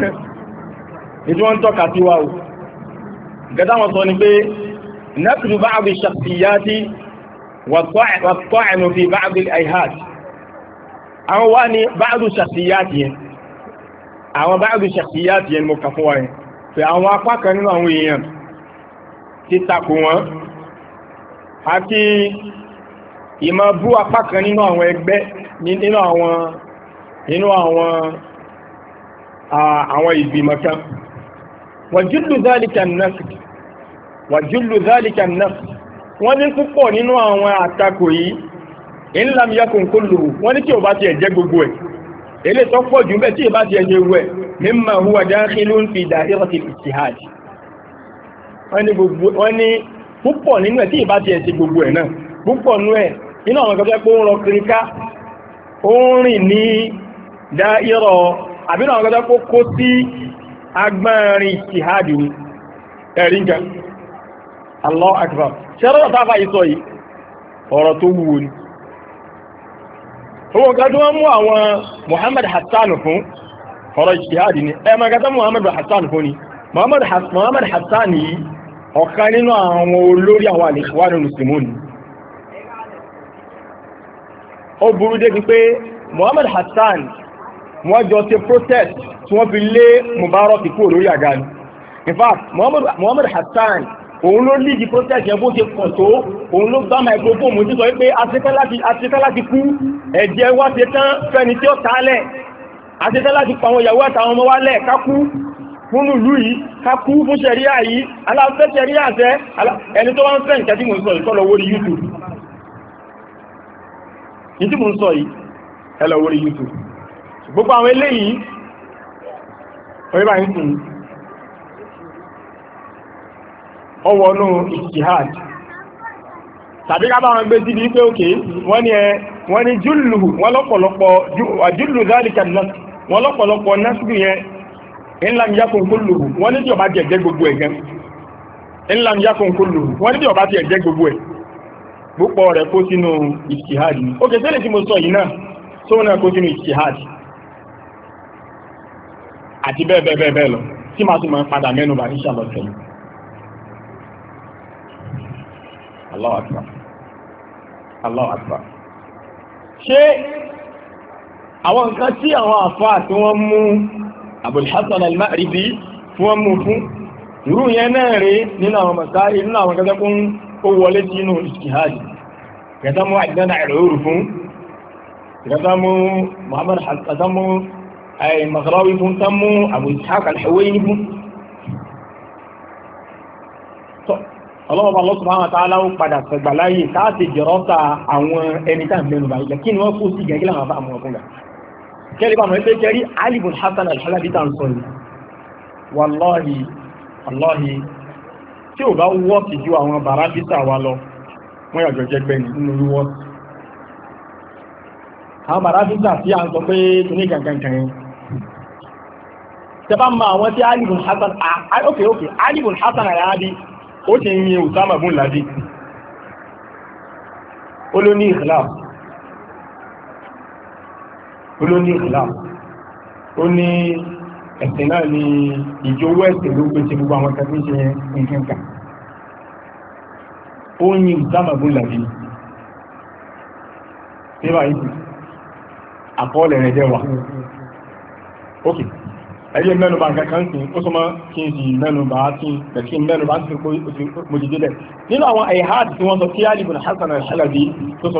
tí wọ́n ń tọ́ka sí wa o gẹ́gẹ́ àwọn sọ ni pé nẹ́tùrù bá àbí ṣàtìyá tí wàtọ́ ẹ̀nù fi bá àbí àìhàt àwọn wá ní bá àbí ṣàtìyá tí yẹn àwọn bá àbí ṣàtìyá tí yẹn mo kà fún wa yẹn pé àwọn apá kan nínú àwọn èèyàn ti takò wọn àti ìmọ̀ bú apá kan nínú àwọn ẹgbẹ́ nínú àwọn nínú àwọn àwọn ìgbìmọ̀ kan wàjúlù zálìkà nafsi wàjúlù zálìkà nafsi wọ́n ní púpọ̀ nínú àwọn àtakò yìí in lam yakun kulluhu wọ́n ní tí ò bá ti ẹ̀jẹ́ gbogbo ẹ̀ ilé tó pọ̀ jù bẹ́ẹ̀ tí ì bá ti ẹ̀jẹ́ gbogbo ẹ̀ mimma huwa dakhilun nínú àwọn ìkọjẹ́ pé ó ń rọ kiri ká ó ń rìn ní dá ìrọ̀ àbínú àwọn ìkọjẹ́ pé kó sí agbárin ìhádì ni ẹ̀rí nǹkan Allah akbar ṣẹ́rọ̀ tàbá ìsọ yìí ọ̀rọ̀ tó wúwo ni owó nǹkan mú àwọn Muhammad Hassan fún ọ̀rọ̀ ìṣìhádì ni ẹ máa gata Muhammad Hassan fún ni Muhammad Hassan yìí ọ̀kan nínú àwọn olórí àwọn àlèkùwádùn mùsùlùmí ó burú débi pé Mohamed Hassan wọ́n jọ ṣe protest tí wọ́n fi lé Mubarak kúrò lórí àga ni in fact Muhammad Hassan òun ló lead the protest yẹn bó ṣe pọ̀ tó òun ló gbá microphone mú títọ́ pé asetán láti kú ẹ̀jẹ̀ wá ṣe tán fẹ́ni tí ó tààlẹ̀ asetán láti pa àwọn ìyàwó àtàwọn ọmọ wálẹ̀ kákú fún ìlú yìí kákú fún ṣẹ̀ríà yìí aláfẹ́ ṣẹ̀ríà àṣẹ ẹni tó wá ń fẹ́ nǹkan tí mo sọ ìtọ́lọ wórí YouTube ní tí mo ń sọ yìí ẹ lọ wọrí youtube gbogbo àwọn eléyìí oríba ń sìn ọwọ́nú ìṣìhàd tàbí ká bá wọn gbé síbi pé òkè wọ́n ni ẹ wọ́n ni júlù wọ́n lọ́pọ̀lọpọ̀ júlù zálìkà wọ́n lọ́pọ̀lọpọ̀ násìkò yẹn ńlám yakun kúlù wọ́n ní tí ọba ti púpọ̀ rẹ̀ kó sínú ìṣìhádì ní ókè tẹ́lẹ̀ tí mo sọ yìí náà tó náà kó sínú ìṣìhádì àti bẹ́ẹ̀bẹ́ẹ̀bẹ́ẹ̀ lọ tí máa tún máa padà mẹ́nu bà ní ṣàlọ́tẹ̀ Allahu Akbar Allahu Akbar ṣé àwọn nǹkan tí àwọn àfá tí al-Ma'ribi tí wọ́n mú fún irú yẹn náà rí nínú àwọn mọ̀sáàrí nínú àwọn kẹ́kẹ́ ó wọlé sí inú ìṣìhádì gẹ̀ẹ́sàmú àìdánà ìrọ̀rù fún gẹ̀ẹ́sàmú Muhammad hassamu al-Maghrawi fún sánmú Abu Ishaq al-Huwayni fún ọlọ́wọ́ Allah subhanahu wa ta'ala ó padà sọ̀gbà láyé káàsì jẹ̀rọ́ta àwọn ẹni tá à ń mẹ́nu báyìí kí ni wọ́n kó sí gẹ̀gẹ́ làwọn afáàmù ọkùnrin kẹ́lí bá mọ̀ pé kẹ́rí Ali Hasan al-Halabi sọ yìí wàlọ́hì tí ò bá wọ́ọ̀kì ju àwọn bàrátítà wa lọ wọ́n yàjọ jẹ́ pẹ́ nínú wíwọ́ọ̀kì àwọn bàrátítà tí a ń sọ pé kìíní kankankan yẹn tẹ́bá ma àwọn tí alibun hasan ok ok alibun hasan àyàdí ó ti ń yin usama bun ladi ó ló ní ìkìlá ó ló ní ìkìlá ó ní ẹ̀sìn náà ni ìjọwọ́ ẹ̀sìn ló pèsè gbogbo àwọn tẹ́kùn ṣe nǹkan kan ó ní ìsámàbùn làbí nígbà yìí àkọọ́lẹ̀ rẹ̀ jẹ́ wà ok ẹ̀yẹ mẹ́nubà kankan sí ó súnmọ́ kí n sì mẹ́nubà tí kí n mẹ́nubà tí mo ti délẹ̀ nínú àwọn ẹ̀há tí wọ́n sọ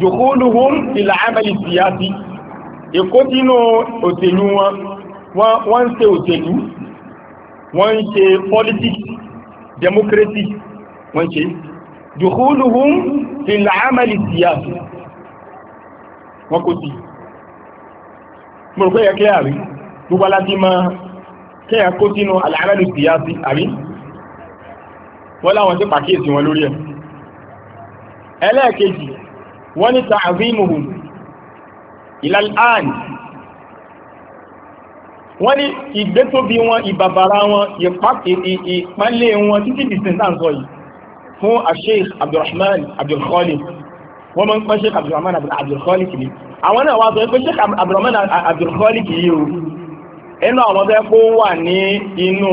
dùkúlùhùn ìlà àmàlì síyásí èkó tínú òṣèlú wọn wọ́n ń ṣe òṣèlú wọ́n ń ṣe politics democracy wọ́n ṣe dùkúlùhùn ìlà àmàlì síyásí wọ́n kò sí mọ̀rọ̀kọ́ yẹ kẹ́ àrí gbogbo aláti máa kẹ́yà kó sínú àlàárẹ̀lú síyásí àrí wọ́n láwọn sí pàkíyèsí wọn lórí ẹ̀ ẹlẹ́ẹ̀kejì wọ́n ní ta'zimuhum ila al-an wọ́n ní ìgbétóbi wọn ìbàbàrà wọn ìpánlé wọn títí dìsíntà ń sọ yìí fún Sheikh Abdulrahman Abdul Khaliq wọ́n máa ń pẹ́ Sheikh Abdulrahman Abdul Khaliq ni àwọn náà wá sọ pé Sheikh Abdulrahman Abdul Khaliq yìí o inú àwọn bẹ́ẹ̀ kó wà ní inú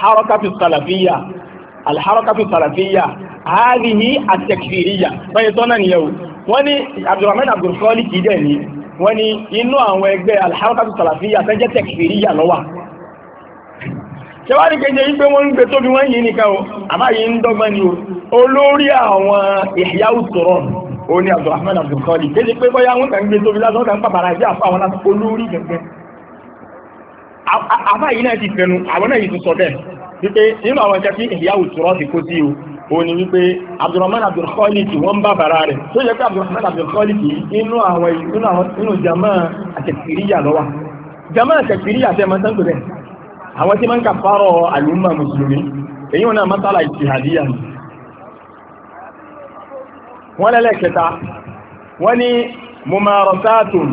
harakatu salafiyya alharakatu salafiyya ààrìhí àtẹ̀kìrìyà báyìí tọ́nà nìyẹ̀wò wọ́n ní abdulrahman abdulkhali kìí dẹ̀ ní wọ́n ní inú àwọn ẹgbẹ́ alharakatu salafiya tẹ́jẹ́ tẹ̀kìrìyà lọ́wà ṣẹwàá ní kéje yí pé wọ́n ń gbé tóbi wọ́n yìí nìkan o àmá ń dọ́gbọ́n ni o olórí àwọn ìyáwó sọ̀rọ̀ o ní abdulrahman abdulkhali kéje pé bọ́yá wọ́n kàn gbé tóbi lásán kàn pàpàrà sí àfọ àwọn olórí gẹ̀gẹ́ àbá yìí náà ti fẹnu àwọn náà yìí ti sọ bẹ́ẹ̀ wípé nínú àwọn ìjẹ́ sí ìyáwó sọ̀rọ̀ ti kó sí o òun ni wípé abdulrahman abdulkhalid wọ́n bá bàrà rẹ̀ tó yẹ pé abdulrahman abdulkhalid inú àwọn inú àwọn inú jama àtẹ̀kìríyà lọ́wọ́ jama àtẹ̀kìríyà tẹ́ máa sáńtò rẹ̀ àwọn tí máa ń kàfàrọ̀ àlùmọ̀ mùsùlùmí èyí wọn náà mọ́sálà ìtìhàdíyà ni wọ́n lẹ́lẹ́kẹta wọ́n ní mumarosatun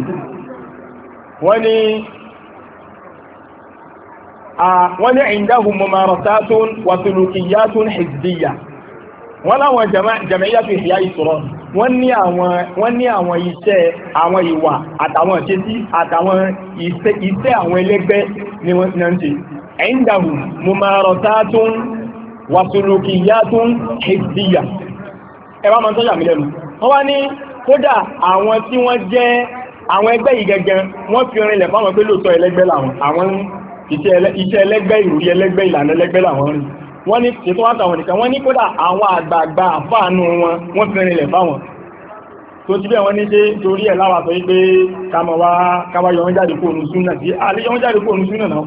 wọ́n ní wọ́n ní indahum mumarosatun wa sulukiyatun hizbiyya wọ́n láwọn jẹ̀mẹ̀yà fi ìyá ìṣòro wọ́n ní àwọn iṣẹ́ àwọn ìwà àtàwọn ìṣesí àtàwọn iṣẹ́ àwọn ẹlẹ́gbẹ́ ni wọ́n ti náà ń ṣe ẹ̀yìndàmù mo máa rọ̀ táà tó ń wàsùlùkì ìyá tó ń hezíyà ẹwà máa tọ́jà mílẹ̀nu wọ́n wá ní kódà àwọn tí wọ́n jẹ́ àwọn ẹgbẹ́ yìí gẹ́gẹ́ wọ́n fi rinlẹ̀ fáwọn pé lóòótọ́ iṣẹ́ ẹlẹ́gbẹ́ ìròyìn ẹlẹ́gbẹ́ ìlànà ẹlẹ́gbẹ́ làwọn rìn wọ́n ní ètò àtàwọn nìkan wọ́n ní kódà àwọn àgbààgbà àfáànú wọn wọ́n fi rinlẹ̀ fáwọn tó ti bẹ́ẹ̀ wọ́n ní ṣe torí ẹ̀ láwà sọ wípé káma yọ wọ́n jáde kó òun súnà sí àlejò wọ́n jáde kó òun súnà náà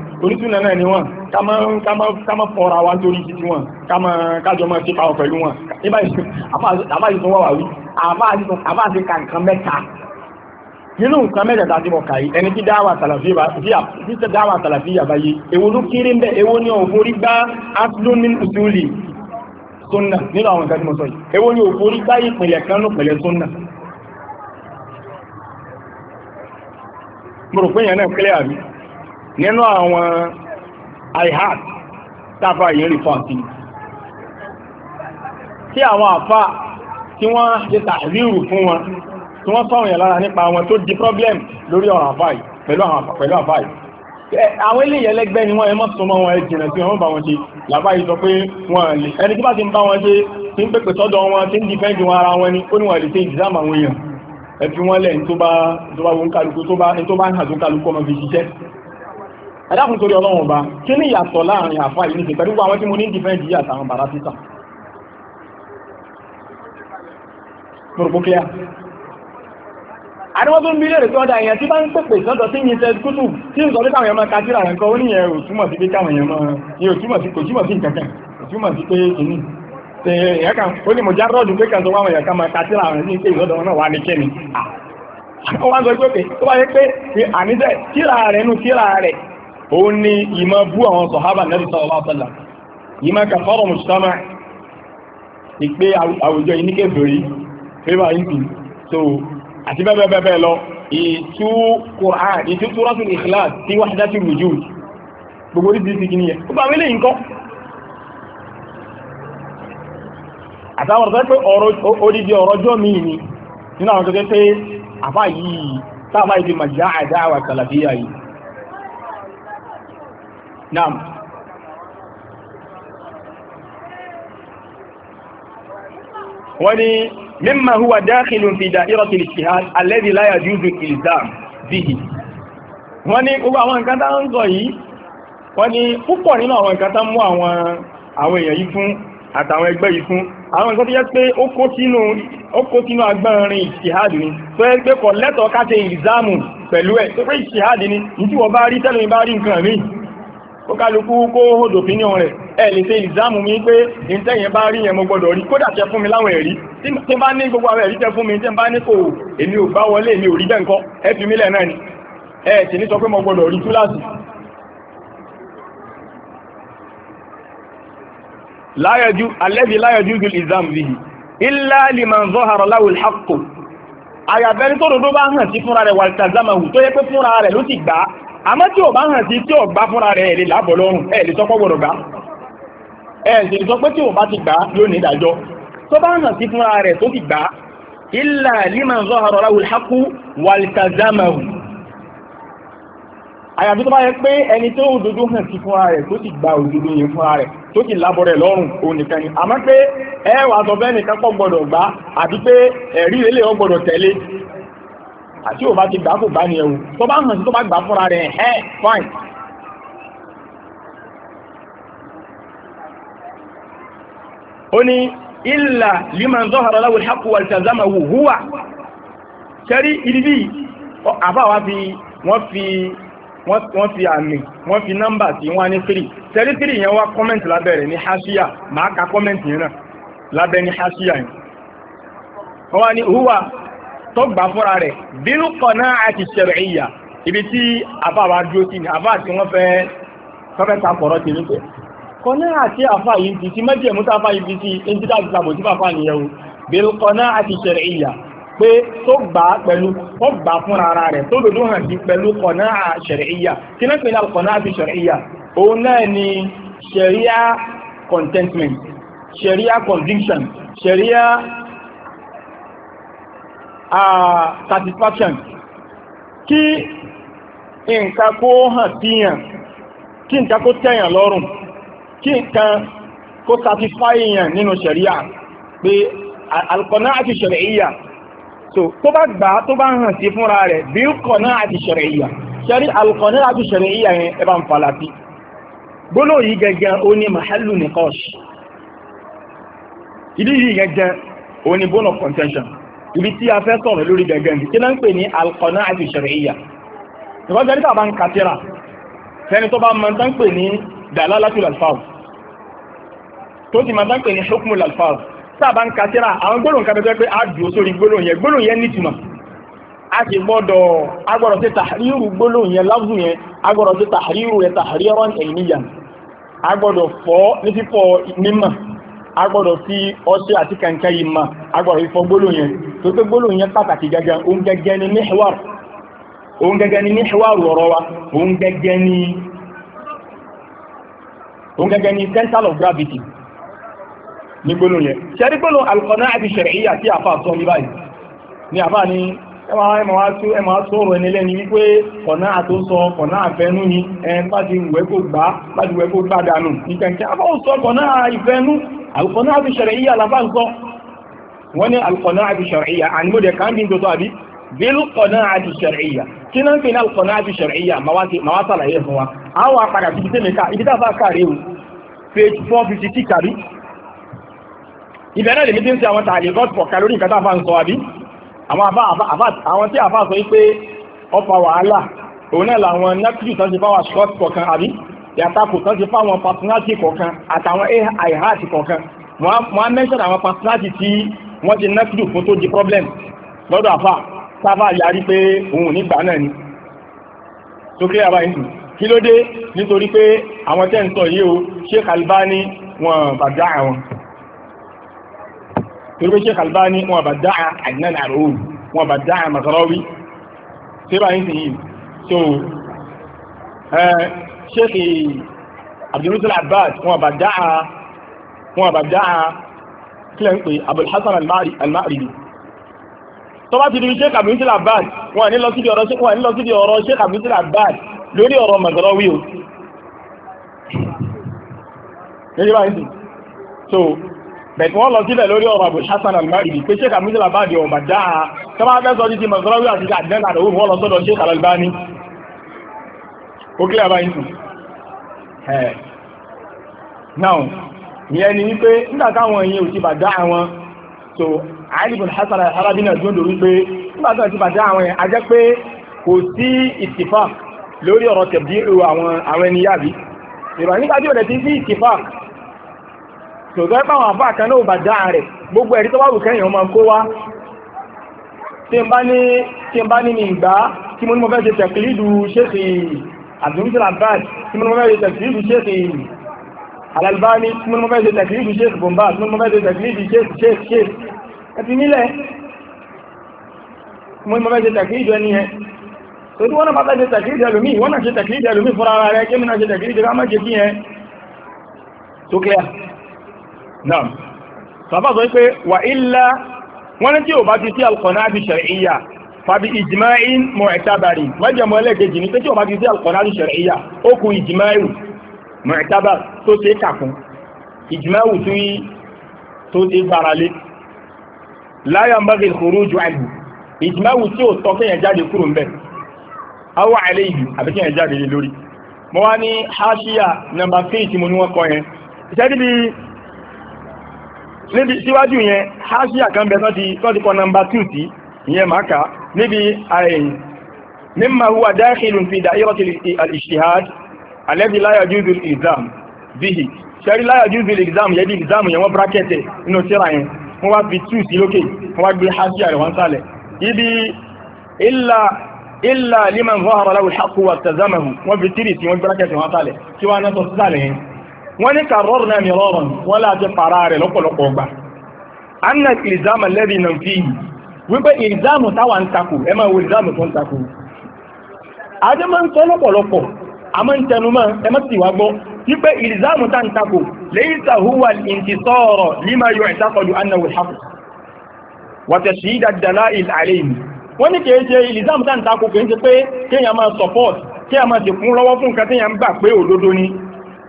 onísúnà náà nínú nǹkan mẹ́tẹ̀ẹ̀ta tí mo kà yìí ẹni tí dáwà sàlàfíà bá yé èwo ló kéré mbẹ́ èwo ni òun forí gbá aslun min usuli sunna nínú àwọn nǹkan tí mo èwo ni òun forí gbá ìpìlẹ̀ kan ní ìpìlẹ̀ sunna mo rò pé yẹn náà kílẹ̀ àbí nínú àwọn ihad táfà yìí rí fún àti tí àwọn àfà tí wọ́n ṣe tàbí rù fún wọn tí wọ́n sọ̀rọ̀ yẹn lára nípa wọn tó di problem lórí ọ̀rọ̀ àfáì pẹ̀lú àfáì àwọn ilé ìyẹlẹgbẹ́ ni wọ́n ẹ mọ́sùn mọ́ wọn ẹjìnà tí wọ́n bá wọn ṣe làbáyìí sọ pé wọ́n lè ẹni tí bá ti ń bá wọn ṣe tí ń pèpè sọ́dọ̀ wọn tí ń dìfẹ́ǹdì wọn ara wọn ni ó ní wọ́n lè ṣe ìdìdáàmà àwọn èèyàn ẹbí wọ́n lẹ̀ tó bá wọn kálukú tó bá ń hàn tó kálukú ọmọ fi ṣiṣẹ́ ẹ̀dàkùn torí ọlọ́run ọba kí ni ìyàtọ̀ láàrin àfa yìí nìṣẹ́ pẹ̀lú àwọn tí mo ní dìfẹ́ǹdì yìí àtàwọn bàrá títà àdéwọ́n tó ń bílẹ̀ rẹ̀ sọ́dá èèyàn tí bá ń pèpè sọ́dọ̀ sí yìí tẹ́sí kútù tí ń sọ pé káwọn èèyàn máa kájúra rẹ̀ kọ́ ó níyẹn ò túmọ̀ sí pé káwọn èèyàn máa ní ò túmọ̀ sí kò túmọ̀ sí nǹkan kan ò túmọ̀ sí pé kìíní tẹ èèyàn kan ó ní mo já rọ́ọ̀dù pé kan sọ wọn èèyàn kan máa kájúra rẹ̀ sí pé ìlọ́dọ̀ wọn náà wà ní kẹ́ni wọ́n wá sọ pé pé tó bá yẹ pé pé àníṣẹ́ tíra rẹ̀ nù tíra rẹ̀ òun ni ìmọ̀ bú àwọn sọ̀hábà nẹ́bí sọ̀rọ̀ so àti bẹ́ẹ̀bẹ́ẹ̀bẹ́ẹ̀ lọ ìtú Qur'an ìtú Suratul Ikhlas tí Wahdatul Wujud gbogbo orí ti kìíní yẹ ó bá wílé nǹkan àtàwọn ọ̀rọ̀ pé odidi ọ̀rọ̀ jọ mi ni nínú àwọn kẹ́kẹ́ pé àfá yìí táàmà ìdí màjá àdáwà kàlàbíyà yìí naam wọ́n ni mímọ̀ huwa dákìlù fi da'irati al-ijtihad alladhi la yajuzu al-ilzam bihi wọ́n ní gbogbo àwọn nǹkan tá ń sọ yìí wọ́n ní púpọ̀ nínú àwọn nǹkan tá mú àwọn àwọn èèyàn yìí fún àtàwọn ẹgbẹ́ yìí fún àwọn nǹkan tó yẹ pé ó kó sínú agbárin ìṣìhádì ni tó yẹ pé kọ̀ lẹ́tọ̀ọ́ ká ṣe ìzámù pẹ̀lú ẹ̀ tó pé ìṣìhádì ni ní tí wọ́n bá rí tẹ́lẹ̀ bá rí ó kálukú kó hòdò fi níhun rẹ̀ ẹ lè ṣe ìzámù mi pé ìtẹ́yìn bá rí yẹn mo gbọ́dọ̀ rí kódà tẹ fún mi láwọn ẹ̀rí tí bá ní gbogbo àwọn ẹ̀rí tẹ fún mi tẹ bá ní kò èmi ò bá wọlé èmi ò rí bẹ́ẹ̀ nǹkan ẹ fi mílẹ̀ náà ni ẹ sì ní sọ pé mo gbọ́dọ̀ rí túláàsì láyọjú alẹ́bí láyọjú ju ìzámù yìí ilá liman zọ́hàrọ̀ láwùl haqqo àyàbẹ́ni tó dodo bá hàn sí fúnra àmọ́ tí ò bá hàn sí tí ò gbá fúnra rẹ̀ lè lábọ̀ lọ́rùn ẹ̀ lè sọpọ̀ gbọ́dọ̀ gbá ẹ̀ sì sọ pé tí ò bá ti gbá yóò ní ìdájọ́ tó bá hàn sí fúnra rẹ̀ tó ti gbá ilà liman zahara lahu alhaqu waltazamahu àyàfi tó bá yẹ pé ẹni tó òdodo hàn sí fúnra rẹ̀ tó ti gbá òdodo yẹn fúnra rẹ̀ tó ti lábọ̀ rẹ̀ lọ́rùn òun nìkan ni àmọ́ pé ẹ wà sọ bẹ́ẹ̀ nìkan pọ̀ gbọ́dọ̀ gbá àti pé ẹ̀rí ilé ọ tẹ̀lé àti ò bá ti gbà kò bá ní ẹwu tó bá hàn sí tó bá gbà fúnra rẹ̀ ẹ̀ fine. ó ní ilà liman zọ́hara láwù haqq wal tazama wù húwà sẹ́rí ìdíbí àbáwá fi wọ́n fi wọ́n fi àmì wọ́n fi nọ́mbà tí wọ́n ní tírì tẹ́rí tírì yẹn wá kọ́mẹ̀ntì lábẹ́ rẹ̀ ní hashiya máa ka kọ́mẹ̀ntì yẹn náà lábẹ́ ní hashiya yẹn wọ́n wá ní húwà tó gbà fúnra rẹ̀ bínú kọ̀nà àti ṣẹ̀rẹ̀ìyà ibi tí àfà wa dúró sí ni àfà tí wọ́n fẹ́ fẹ́fẹ́ ta kọ̀rọ̀ ti nípẹ̀ kọ̀nà àti àfà yìí ti ti méjì ẹ̀mú táfà yìí ti ń ti dáàbò tàbò tí fàfà nìyẹn o bínú kọ̀nà àti ṣẹ̀rẹ̀ìyà pé ni ṣẹ̀ríà contentment ṣẹ̀ríà conviction ṣẹ̀ríà satisfaction kí nǹkan kó hàn síyàn kí nǹkan kó tẹ́yàn lọ́rùn kí nǹkan kó satisfy nínú ṣẹ̀ríà pé alkọ̀nà àti ṣẹ̀ríà so tó bá gbà tó bá hàn sí fúnra rẹ̀ bí kọ̀nà àti ṣẹ̀ríà ṣẹ̀rí alkọ̀nà àti ṣẹ̀ríà yẹn ẹbá ń falafí gbóló yìí gẹ́gẹ́ ó ní mahallu nìkọ́ṣ ìdí yìí gẹ́gẹ́ ó ní bone contention ibi tí a fẹ́ sọ̀rọ̀ lórí gẹ̀gẹ̀ ní kí náà ń pè ní alkọ̀nà àti ìṣẹ̀rẹ̀yà ìwọ́jẹ́ nípa bá ń kàtíra fẹ́ni tó bá máa tán pè ní dalalatul alfaz tó ti máa tán pè ní hukmul alfaz sáà bá ń kàtíra àwọn gbólóhùn kan pẹ́ pé a dùn sórí gbólóhùn yẹn gbólóhùn yẹn nítumọ̀ a sì gbọ́dọ̀ agbọ́dọ̀ sí tàhírù gbólóhùn yẹn láwùjù yẹn agbọ́dọ̀ sí tàhírù yẹn tàhírù ẹ̀míyàn agbọ́dọ̀ fọ́ ní fífọ́ mímọ̀ agbọ́dọ̀ fi ọṣẹ àti kànkẹ́ yìí ma agbọ́dọ̀ ìfọ gbólóhùn yẹn tó pé gbólóhùn yẹn pàtàkì gẹ́gẹ́ òun gẹ́gẹ́ ni mihwar òun gẹ́gẹ́ ni mihwar ọ̀rọ̀ wa òun gẹ́gẹ́ ni òun gẹ́gẹ́ ni central of gravity ní gbólóhùn yẹn ṣe rí gbólóhùn alqana'ati shar'iyya àti àfà sọ ní báyìí ní àfà ní ẹwà ẹmọ̀ sọ̀rọ̀ ẹnilẹ́ ni wípé ọ̀nà àtúnsọ ọ̀nà àfẹ́nú ni ẹn láti wẹ́kò gbá láti wẹ́kò gbádànù ní kẹ́kẹ́ afọ́sọ ọ̀nà ìfẹ́nú alùkọ̀nà àti ṣẹ̀rẹ̀yà làbáǹsọ wọ́n ní alùkọ̀nà àti ṣẹ̀rẹ̀yà ànímọ̀dẹ̀ kàndín tó tàbí bílùkọ̀nà àti ṣẹ̀rẹ̀yà kí náà ń pè ní alùkọ̀nà àti ṣẹ̀rẹ̀yà màwá sàlàyé fún sí page four fifty six àbí ìbẹ̀rẹ̀ lèmi ti ń àwọn tààlì god for calorie nǹkan tá a àwọn tí àfá sọ wípé ọfà wàhálà òun náà làwọn nephew tán ti fáwọn short kọ̀ọ̀kan àbí ìyàtàkù tán ti fáwọn personality kọ̀ọ̀kan àtàwọn ihat kọ̀ọ̀kan wọ́n á mention àwọn personality tí wọ́n ti nephew fún tó di problem lọ́dọ̀ àfá sáfà yarí pé òun nígbà náà ni tó kí àbá yìí kí ló dé nítorí pé àwọn tẹ́ ń sọ yìí o Sheikh Albani wọn bàjá àwọn torí pé Sheikh Albani wọn bá dáa Adnan Aroun wọn bá dáa Mazarawi tí bá yín so Sheikh Abdulrasheed Abbas wọn bá dáa wọn bá dáa kílẹ̀ ń pè Abul Hasan al-Ma'ridi tó bá ti di Sheikh Abdulrasheed Abbas wọn ní lọ sí ọ̀rọ̀ Sheikh Abdulrasheed Abbas lórí ọ̀rọ̀ Mazarawi o. Gẹ́gẹ́ báyìí so bẹ̀tí wọ́n lọ síbẹ̀ lórí ọ̀rọ̀ àbò Hassan al-Maridi pé Sheikh amúsílà bá di ọ̀bà dáa tó máa fẹ́ sọ títí mọ̀sánwí àti àdínẹ́nà àdówó wọ́n lọ sọ́dọ̀ Sheikh al-Albani ó kílẹ̀ bá yìí ẹ̀ now ìyẹn ni wípé nígbà táwọn èèyàn ò ti bà dá àwọn so Ali ibn Hassan al-Halabi náà dúró lórí pé nígbà táwọn ti bà dá àwọn yẹn a jẹ́ pé kò sí ìtìfà lórí ọ̀rọ̀ tẹ̀bí àwọn ẹni yàbí ìrọ̀ nígbà tí ò tòótọ́ ẹ́pà àwọn àfá àkànná ò bà dá rẹ̀ gbogbo ẹ̀rí tó wà wùkẹ́yìn ọmọ kó wá tí n bá ní ní ìgbà tí mo ní mo fẹ́ ṣe tẹ̀kìlìdù ṣéṣì àdúmísìlá bad tí mo ní mo fẹ́ ṣe tẹ̀kìlìdù ṣéṣì al tí mo ní mo fẹ́ ṣe tẹ̀kìlìdù ṣéṣì bomba tí mo ní mo fẹ́ ṣe tẹ̀kìlìdù ṣéṣì ṣéṣì ṣéṣì ẹ̀fì nílẹ̀ mo ní mo fẹ́ ṣe tẹ̀kìlìdù ẹni yẹn tó tí wọ́n náà bá fẹ́ ṣe tẹ̀kìlìdù ẹlòmíì wọ́n náà ṣe tẹ̀kìlìdù ẹlòmíì fúnra rẹ̀ kí mi náà clear náà sàbá sọ pé wà ilá wọ́n ní tí ò bá ti sí alkọ̀nà àti ṣẹ̀ríyà fàbí ìjìmáìn mọ̀ ẹ̀tàbàrí mẹ́jẹ̀mọ́ ẹlẹ́gẹ̀ẹ́jì ní pé tí ò bá ti sí alkọ̀nà àti ṣẹ̀ríyà ó kù ìjìmáìn mọ̀ ẹ̀tàbà tó ṣe kàkún ìjìmáìn tó yí tó ṣe gbáralé láyọ̀ ń bá fi kúrú ju àìbù ìjìmáìn níbi síwájú yẹn haṣíà kan bẹ̀ tọ́ti kọ nọmbà 2 tí ìyẹn máa kà níbi àìyìn mímọ̀ huwa dáhìlùn fi da'irati al-ijtihad alladhi la yajuzu al-ilzam bihi ṣẹ́rí la yajuzu al-ilzam yẹ́ di exam yẹn wọ́n brákẹ́tẹ̀ inú tíra yẹn illa illa liman zahara lahu al wa tazamahu wọ́n fi 3 sí wọ́n brákẹ́tẹ̀ wọ́n sálẹ̀ kí wọ́n á náà sọ wọ́n ní kàrọ́rù náà ní rọrùn wọ́n láti para rẹ̀ lọ́pọ̀lọpọ̀ gbà anna ìlìzámà lẹ́bí nà fi yìí wípé ìlìzámù táwa ń takò ẹ máa wo ìlìzámù tó ń takò adé máa ń sọ lọ́pọ̀lọpọ̀ àmọ́ ń tẹnu mọ́ ẹ má sì wá gbọ́ wípé ìlìzámù tá ń takò lẹ́yìn sàhúwà ìntìsọ́ọ̀rọ̀ lima yọ ìtakọ̀lù anna wòlhàkù wàtẹ̀ sí dàdàlá ìlàlẹ́yìn wọ́n ní kìí ṣe ìlìzámù tá ń takò kìí ṣe pé kéèyàn máa support kéèyàn máa sì kún lọ́wọ́ fún nǹkan téèyàn gbà pé òdodo ni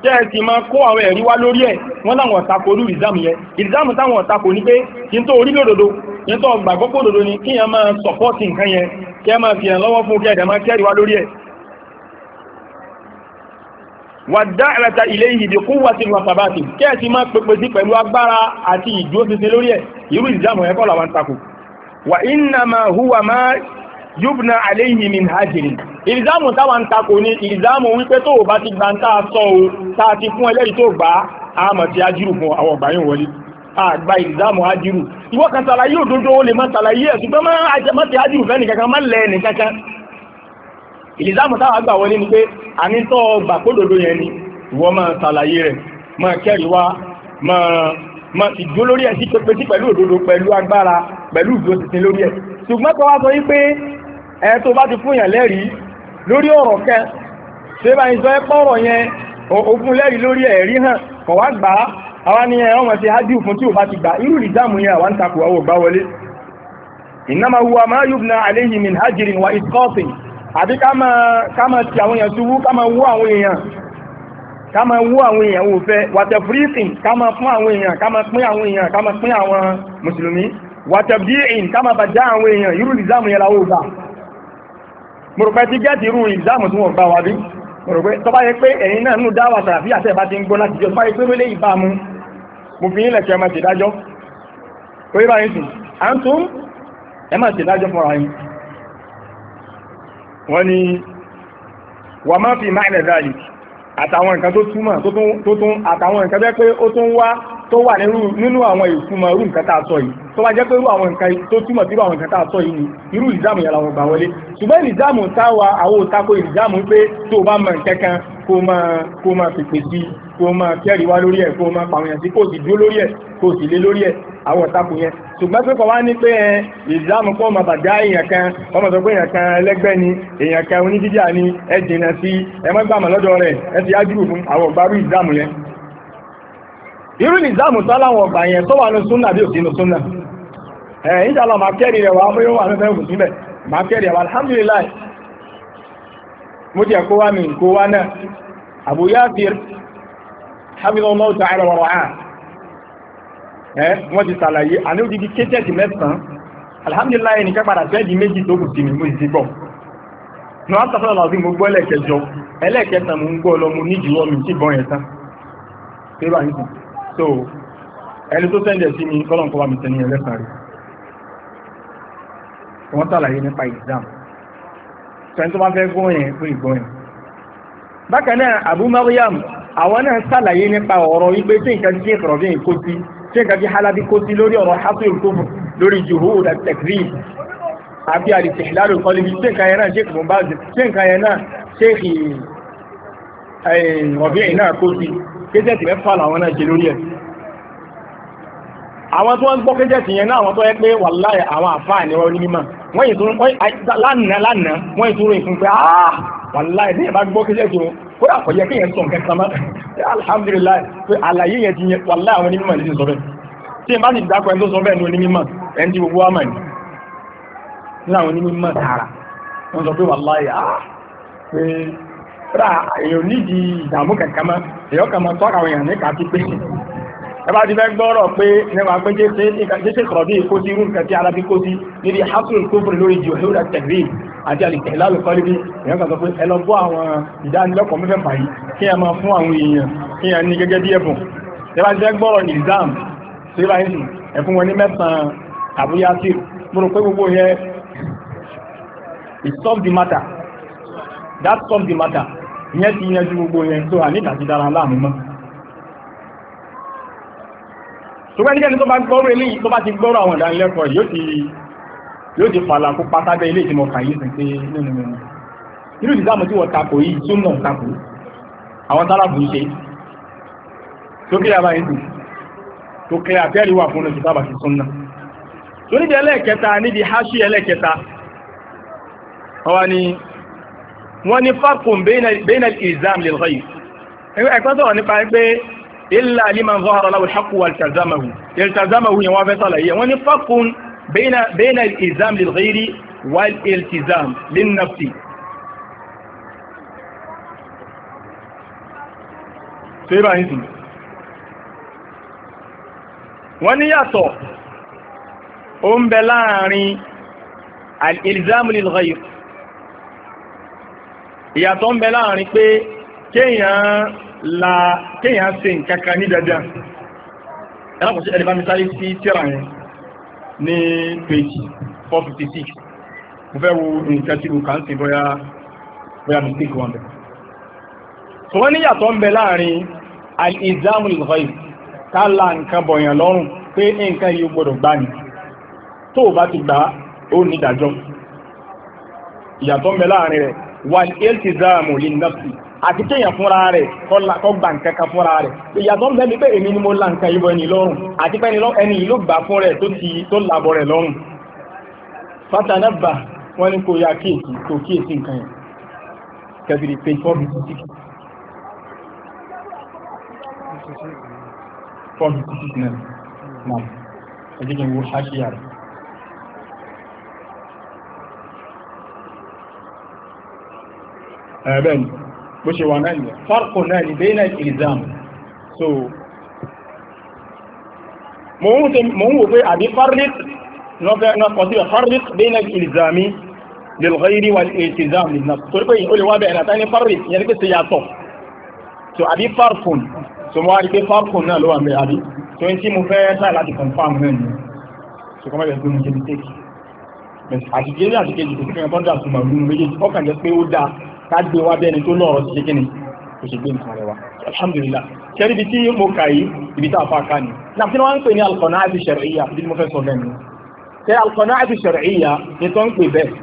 tẹ́ẹ̀sì máa kó àwọn ẹ̀rí wá lórí ẹ̀ wọ́n láwọn ọ̀tako olú ìzámù yẹn ìzámù táwọn ọ̀tako ní pé kí n tó orí lòdòdó kí n tó gbàgbọ́ pò lòdòdó ni kí n máa sọ̀pọ́ọ̀tì nǹkan yẹn kí ẹ máa fi hàn lọ́wọ́ fún kí ẹ̀dẹ̀ máa kẹ́rì wá lórí ẹ̀ wàdáàrẹta ilé ìdí kún wà sí wàsàbáàtì kẹ́ẹ̀sì máa pèpè sí pẹ̀lú agbára àti ìdúró títí lórí ẹ̀ irú ìjámọ̀ ẹ̀kọ́ làwọn takò wà iná ma húwa máa yúbna aléyìn min hajjìrì ìlìzámù táwà ń takò ní ìlìzámù wípé tó bá ti gbà ń tàà sọ o táà ti fún ẹlẹ́rìí tó gbà àmọ̀ tí ajírù fún àwọn ọgbà yóò wọlé àgbà ìlìzámù ajírù ìwọ kan ṣàlàyé òdodo ó lè má ṣàlàyé ẹ̀ ṣùgbọ́n má ti ajírù fẹ́ nìkankan má lẹ̀ nìkankan ìlìzámù táwà gbà wọlé ni pé àní gbà kódodo yẹn ni ìwọ máa ṣàlàyé rẹ̀ máa kẹ́rì wá máa ti dúró lórí ẹ̀ sí pé sí pẹ̀lú òdodo pẹ̀lú agbára pẹ̀lú ìdúró tuntun lórí ẹ̀ ṣùgbọ́n tó wá sọ wípé ẹ̀ tó bá ti fún yàn lẹ́rìí lórí ọ̀rọ̀ kan ṣé báyìí sọ ẹ́ pọ̀rọ̀ yẹn òfin lẹ́rìí lórí ẹ̀rí hàn kọ̀ wá gbà á àwa ni ẹ̀rọ wọn ti hádìí fún tí ò bá ti gbà irú ìdáàmú yẹn àwọn takò àwọn ògbà wọlé ìnáma huwa máa yubna alayhi min hajirin wa isqatin àbí ká máa ti àwọn èèyàn ṣubú ká máa wú àwọn èèyàn ká máa wú àwọn èèyàn wò fẹ́ ká máa fún àwọn èèyàn ká máa pín àwọn èèyàn ká máa pín àwọn mùsùlùmí ká máa bàjá àwọn èèyàn irú yẹn mọ̀rọ̀pẹ́ ti gẹ́ẹ̀tì irú ìdáàmù tí wọ́n bá wà bí mọ̀rọ̀pẹ́ tọ́bá yẹ pé ẹ̀yin náà nù dáwà sàràfí àti ẹ̀bá ti ń gbọ́ láti jọ tọ́bá yẹ pé wẹ́lé ìbámu mo fi yín lẹ̀kẹ́ ẹmọ ìdájọ́ tó yẹ báyìí sùn à ń tún ẹmọ ìdájọ́ fúnra yín wọ́n ni wà máa fi máa ilẹ̀ dáàlì àtàwọn nǹkan tó túmọ̀ tó tún àtàwọn nǹkan tó pé ó tún wá tó wà nínú àwọn ìtumọ̀ irú nǹkan tá a sọ yìí tó bá jẹ́ pé irú àwọn nǹkan tó túmọ̀ sí irú àwọn nǹkan tá a sọ yìí ni irú ìlìjáàmù yẹn làwọn gbà wọlé ṣùgbọ́n ìlìjáàmù táwa àwọn òtakò ìlìjáàmù pé tó o bá mọ nǹkan kan kó o máa kó o máa fèpè sí i kó o máa kẹ́rì wá lórí ẹ̀ kó o máa pàwọn èèyàn sí kó o sì dúró lórí ẹ̀ kó sì lé lórí ẹ̀ àwọn òtakò yẹn ṣùgbọ́n pé kò wá ní pé ìlìjáàmù pọ̀ máa bàjá èèyàn kan ọmọ tó pé èèyàn kan ẹlẹ́gbẹ́ ni èèyàn kan onídíjà ni ẹ jìnnà sí ẹ mọ́gbàmọ̀ lọ́dọ̀ rẹ̀ ẹ ti ájúrù fún àwọn ọ̀gbárù ìlìjáàmù yẹn irú nìzáàmù tó láwọn ọgbà yẹn tó wà ní súnà bí òsínú súnà ẹ̀ ìjàlọ máa kẹ́rì rẹ̀ wá mú yóò mẹ́fẹ́ òkú síbẹ̀ máa kẹ́rì rẹ̀ wá alhamdulillah mo jẹ́ kó wá mi kó wá náà Abu Yasir hafizallahu ta'ala wa ra'ah ẹ̀ wọ́n ti sàlàyé àní odidi kéjẹ́sì mẹ́sàn-án alhamdulillah ẹnìkan padà sẹ́ẹ̀dì méjì tó kù sí mi mo sì ti gbọ́ ní wọ́n sọ́fẹ́ lọ́sí mo gbọ́ ẹlẹ́kẹjọ ẹlẹ́kẹta mo ń gbọ́ lọ mo mi sí bọ́ yẹn tán so ẹni tó sẹ́ndẹ̀ sí ni kọ́lọ̀n kọ́ wà mí tẹ́ni ẹlẹ́sàn rẹ̀ wọ́n sàlàyé nípa exam sẹ́ni tó bá fẹ́ gbọ́n yẹn fún ìgbọ́n yẹn bákan náà Abu Mariam, àwọn náà sàlàyé nípa ọ̀rọ̀ wípé tí nǹkan tí ẹ̀kọ̀rọ̀ bí nǹkó sí tí nǹkan tí halabi kó sí lórí ọ̀rọ̀ hasil tó lórí juhud àti takrir àbí àdìsí ìlàrò kọlíbi tí nǹkan yẹn náà ṣe kùnbáàzì tí nǹkan yẹn náà ṣe kéjẹ̀tì mẹ́fà làwọn náà ṣe lórí ẹ̀ àwọn tó ń gbọ́ kéjẹ̀tì yẹn náà àwọn tó yẹ pé wà láyé àwọn àfáà ni wọ́n ní mímọ̀ wọ́n yìí tó ń lánàá lánàá wọ́n yìí tó rìn fún pé ah wà láyé ní ìbá gbọ́ kéjẹ̀tì wọn kó dà kọ̀ yẹ kí sọ nǹkan kan alhamdulilayi pé rà èèyàn nídìí ìdààmú kankan mọ́ èèyàn kan mọ́ tọ́ra àwọn èèyàn níka ti pé ẹ bá ti fẹ́ gbọ́rọ̀ pé nípa pé jẹ́sẹ̀ kọ̀ọ̀bí kó sí irú nǹkan tí alábí kó sí níbi hasul kófòrò lórí jù ẹ̀rọ tẹ̀lé àti àlìkẹ́ lálùkọ́lé bí èèyàn kan sọ pé ẹ lọ bọ́ àwọn ìdánilẹ́kọ̀ọ́ mẹ́fẹ̀ẹ̀fà yìí kí ẹ máa fún àwọn èèyàn kí ẹ ní gẹ́gẹ́ bí ẹ̀bùn ẹ bá ti fẹ́ gbọ́rọ̀ exam sí ẹ fún wọn ní mẹ́sàn-án àbúyá sí mo pé gbogbo yẹn it solve the matter that solve the matter ìyẹn ti yanjú gbogbo yẹn tó àníkà ti dára láàmú mọ́ ṣùgbọ́n ẹnikẹ́ni tó bá gbọ́rọ̀ eléyìí tó bá ti gbọ́rọ̀ àwọn ìdánilẹ́kọ̀ọ́ yóò ti yóò ti fàlà kó pátábẹ́ ilé ìtìmọ̀ kàyé sí pé nínú mẹ́rin nínú ìdáàmú tí wọ́n takò yìí tún náà takò àwọn tálàbù ń ṣe tó kí yàrá ìdù tó wọ́n ní farkun bainal ilzam lil ghayb ẹ̀kọ́ sọ̀rọ̀ nípa pé illa liman zahara lahu al-haqqu wa iltazamahu iltazamahu yẹn wọ́n fẹ́ sàlàyé wọ́n ní farkun bainal ilzam lil ghayri wal iltizam lin nafsi tẹ́bà wọ́n ní yàtọ̀ ó ń bẹ láàrin al-ilzam lil ghayr ìyàtọ̀ ń bẹ láàrin pé kéèyàn la kéèyàn ṣe nǹkan kan ní dandan ẹlọ́pọ̀ sí ẹ̀lẹ́bá mi sáré sí tíra yẹn ní page 456 mo fẹ́ wo nǹkan tí mo kà ń sìn bóyá bóyá mistake wọn bẹ̀. sọ wọ́n ní ìyàtọ̀ ń bẹ láàrin al-izamu al-ghayb ká la nǹkan bọ̀yàn lọ́rùn pé nǹkan yìí gbọ́dọ̀ gbá ni tó o bá ti gbà ó ní ìdájọ́ ìyàtọ̀ ń bẹ láàrin rẹ̀ wal-iltizamu lin-nafsi àti kéèyàn fúnra rẹ̀ kọ́ gbà nǹkan kan fúnra rẹ̀ ìyàtọ̀ ń bẹ́ni pé èmi ni mo la nǹkan ìbọn ẹni lọ́rùn àti pé ẹni yìí ló gbà fún rẹ̀ tó ti tó labọ̀ rẹ̀ lọ́rùn fatanabba wọn ni kò ya kíyèsí kò kíyèsí nǹkan yẹn kẹbìrì pé fọ́ọ̀mù títí fọ́ọ̀mù títí náà náà ẹ̀jẹ̀ kí n wo ṣáṣíyà rẹ̀ ẹ̀bẹ̀ eh, ni bó ṣe wà náà ni farko náà ni bẹ́ẹ̀ náà exam so mo ń wò pé àbí farlik náà kọ̀ sí farlik bẹ́ẹ̀ náà ìlìzàmí lilghairi wal iltizam lin nafs torí pé ó lè wá bẹ̀rẹ̀ àtàní farlik yẹn pé ṣe yàtọ̀ so àbí farkun so mo wá rí pé farkun náà ló wà mẹ́ àbí so n tí mo fẹ́ try láti confam náà ni so kọ́ mẹ́rin pé mo ṣe mistake àti kejì àti kejì kò sí fẹ́ kọ́ńdà tó màá mú méjèèjì ọkàn jẹ́ pé ó dáa ká gbé wá bẹ́ẹ̀ ni tó lọ́rọ̀ ti ṣe kíni kò sì gbé nǹkan rẹ̀ wá alhamdulillah ṣẹ́rí ibi tí mo kà yìí ibi tá a ká ni náà kí wọ́n ń pè ní al-qana'atu shar'iyya bí mo fẹ́ sọ bẹ́ẹ̀ ni ṣe al-qana'atu shar'iyya ni tó ń pè bẹ́ẹ̀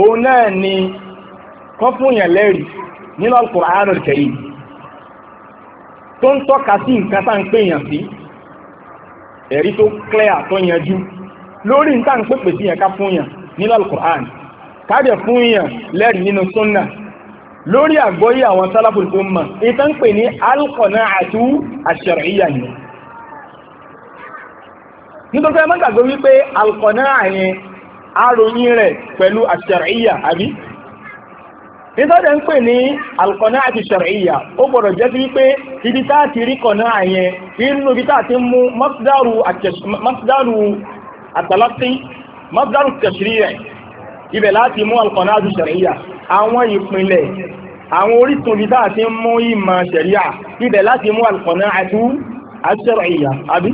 òun náà ni kọ́ fún yẹn lẹ́rìí nínú al-Qur'an al-Karim tó ń tọ́ka sí nǹkan tá ń pè yàn sí ẹ̀rí tó clear tó yanjú lórí nǹkan pèpè sí yẹn ká fún yàn nínú al-Qur'an ká dẹ̀ fún yàn lẹ́rìí nínú sunnah lórí àgbọ́yé àwọn salaful umma ìta ń pè ní alqana'atu ash-shar'iyya ni nítorí ẹmọ́ gbàgbé wípé alqana'a yẹn aróyìn rẹ̀ pẹ̀lú ash-shar'iyya àbí nítorí ń pè ní alqana'atu ash-shar'iyya ó gbọ́dọ̀ jẹ́ sí wípé ibi tá ti rí qana'a yẹn inú ibi tá ti mú masdaru at-talaqqi masdaru at ibẹ̀ láti mú alqana'atu ash-shar'iyya àwọn ìpìnlẹ̀ àwọn orísun bí dáa ti ń mú ìmọ̀ ṣẹ̀ríà ibẹ̀ láti mú alùpọ̀nà àti àṣẹ́rọ̀ ìyà àbí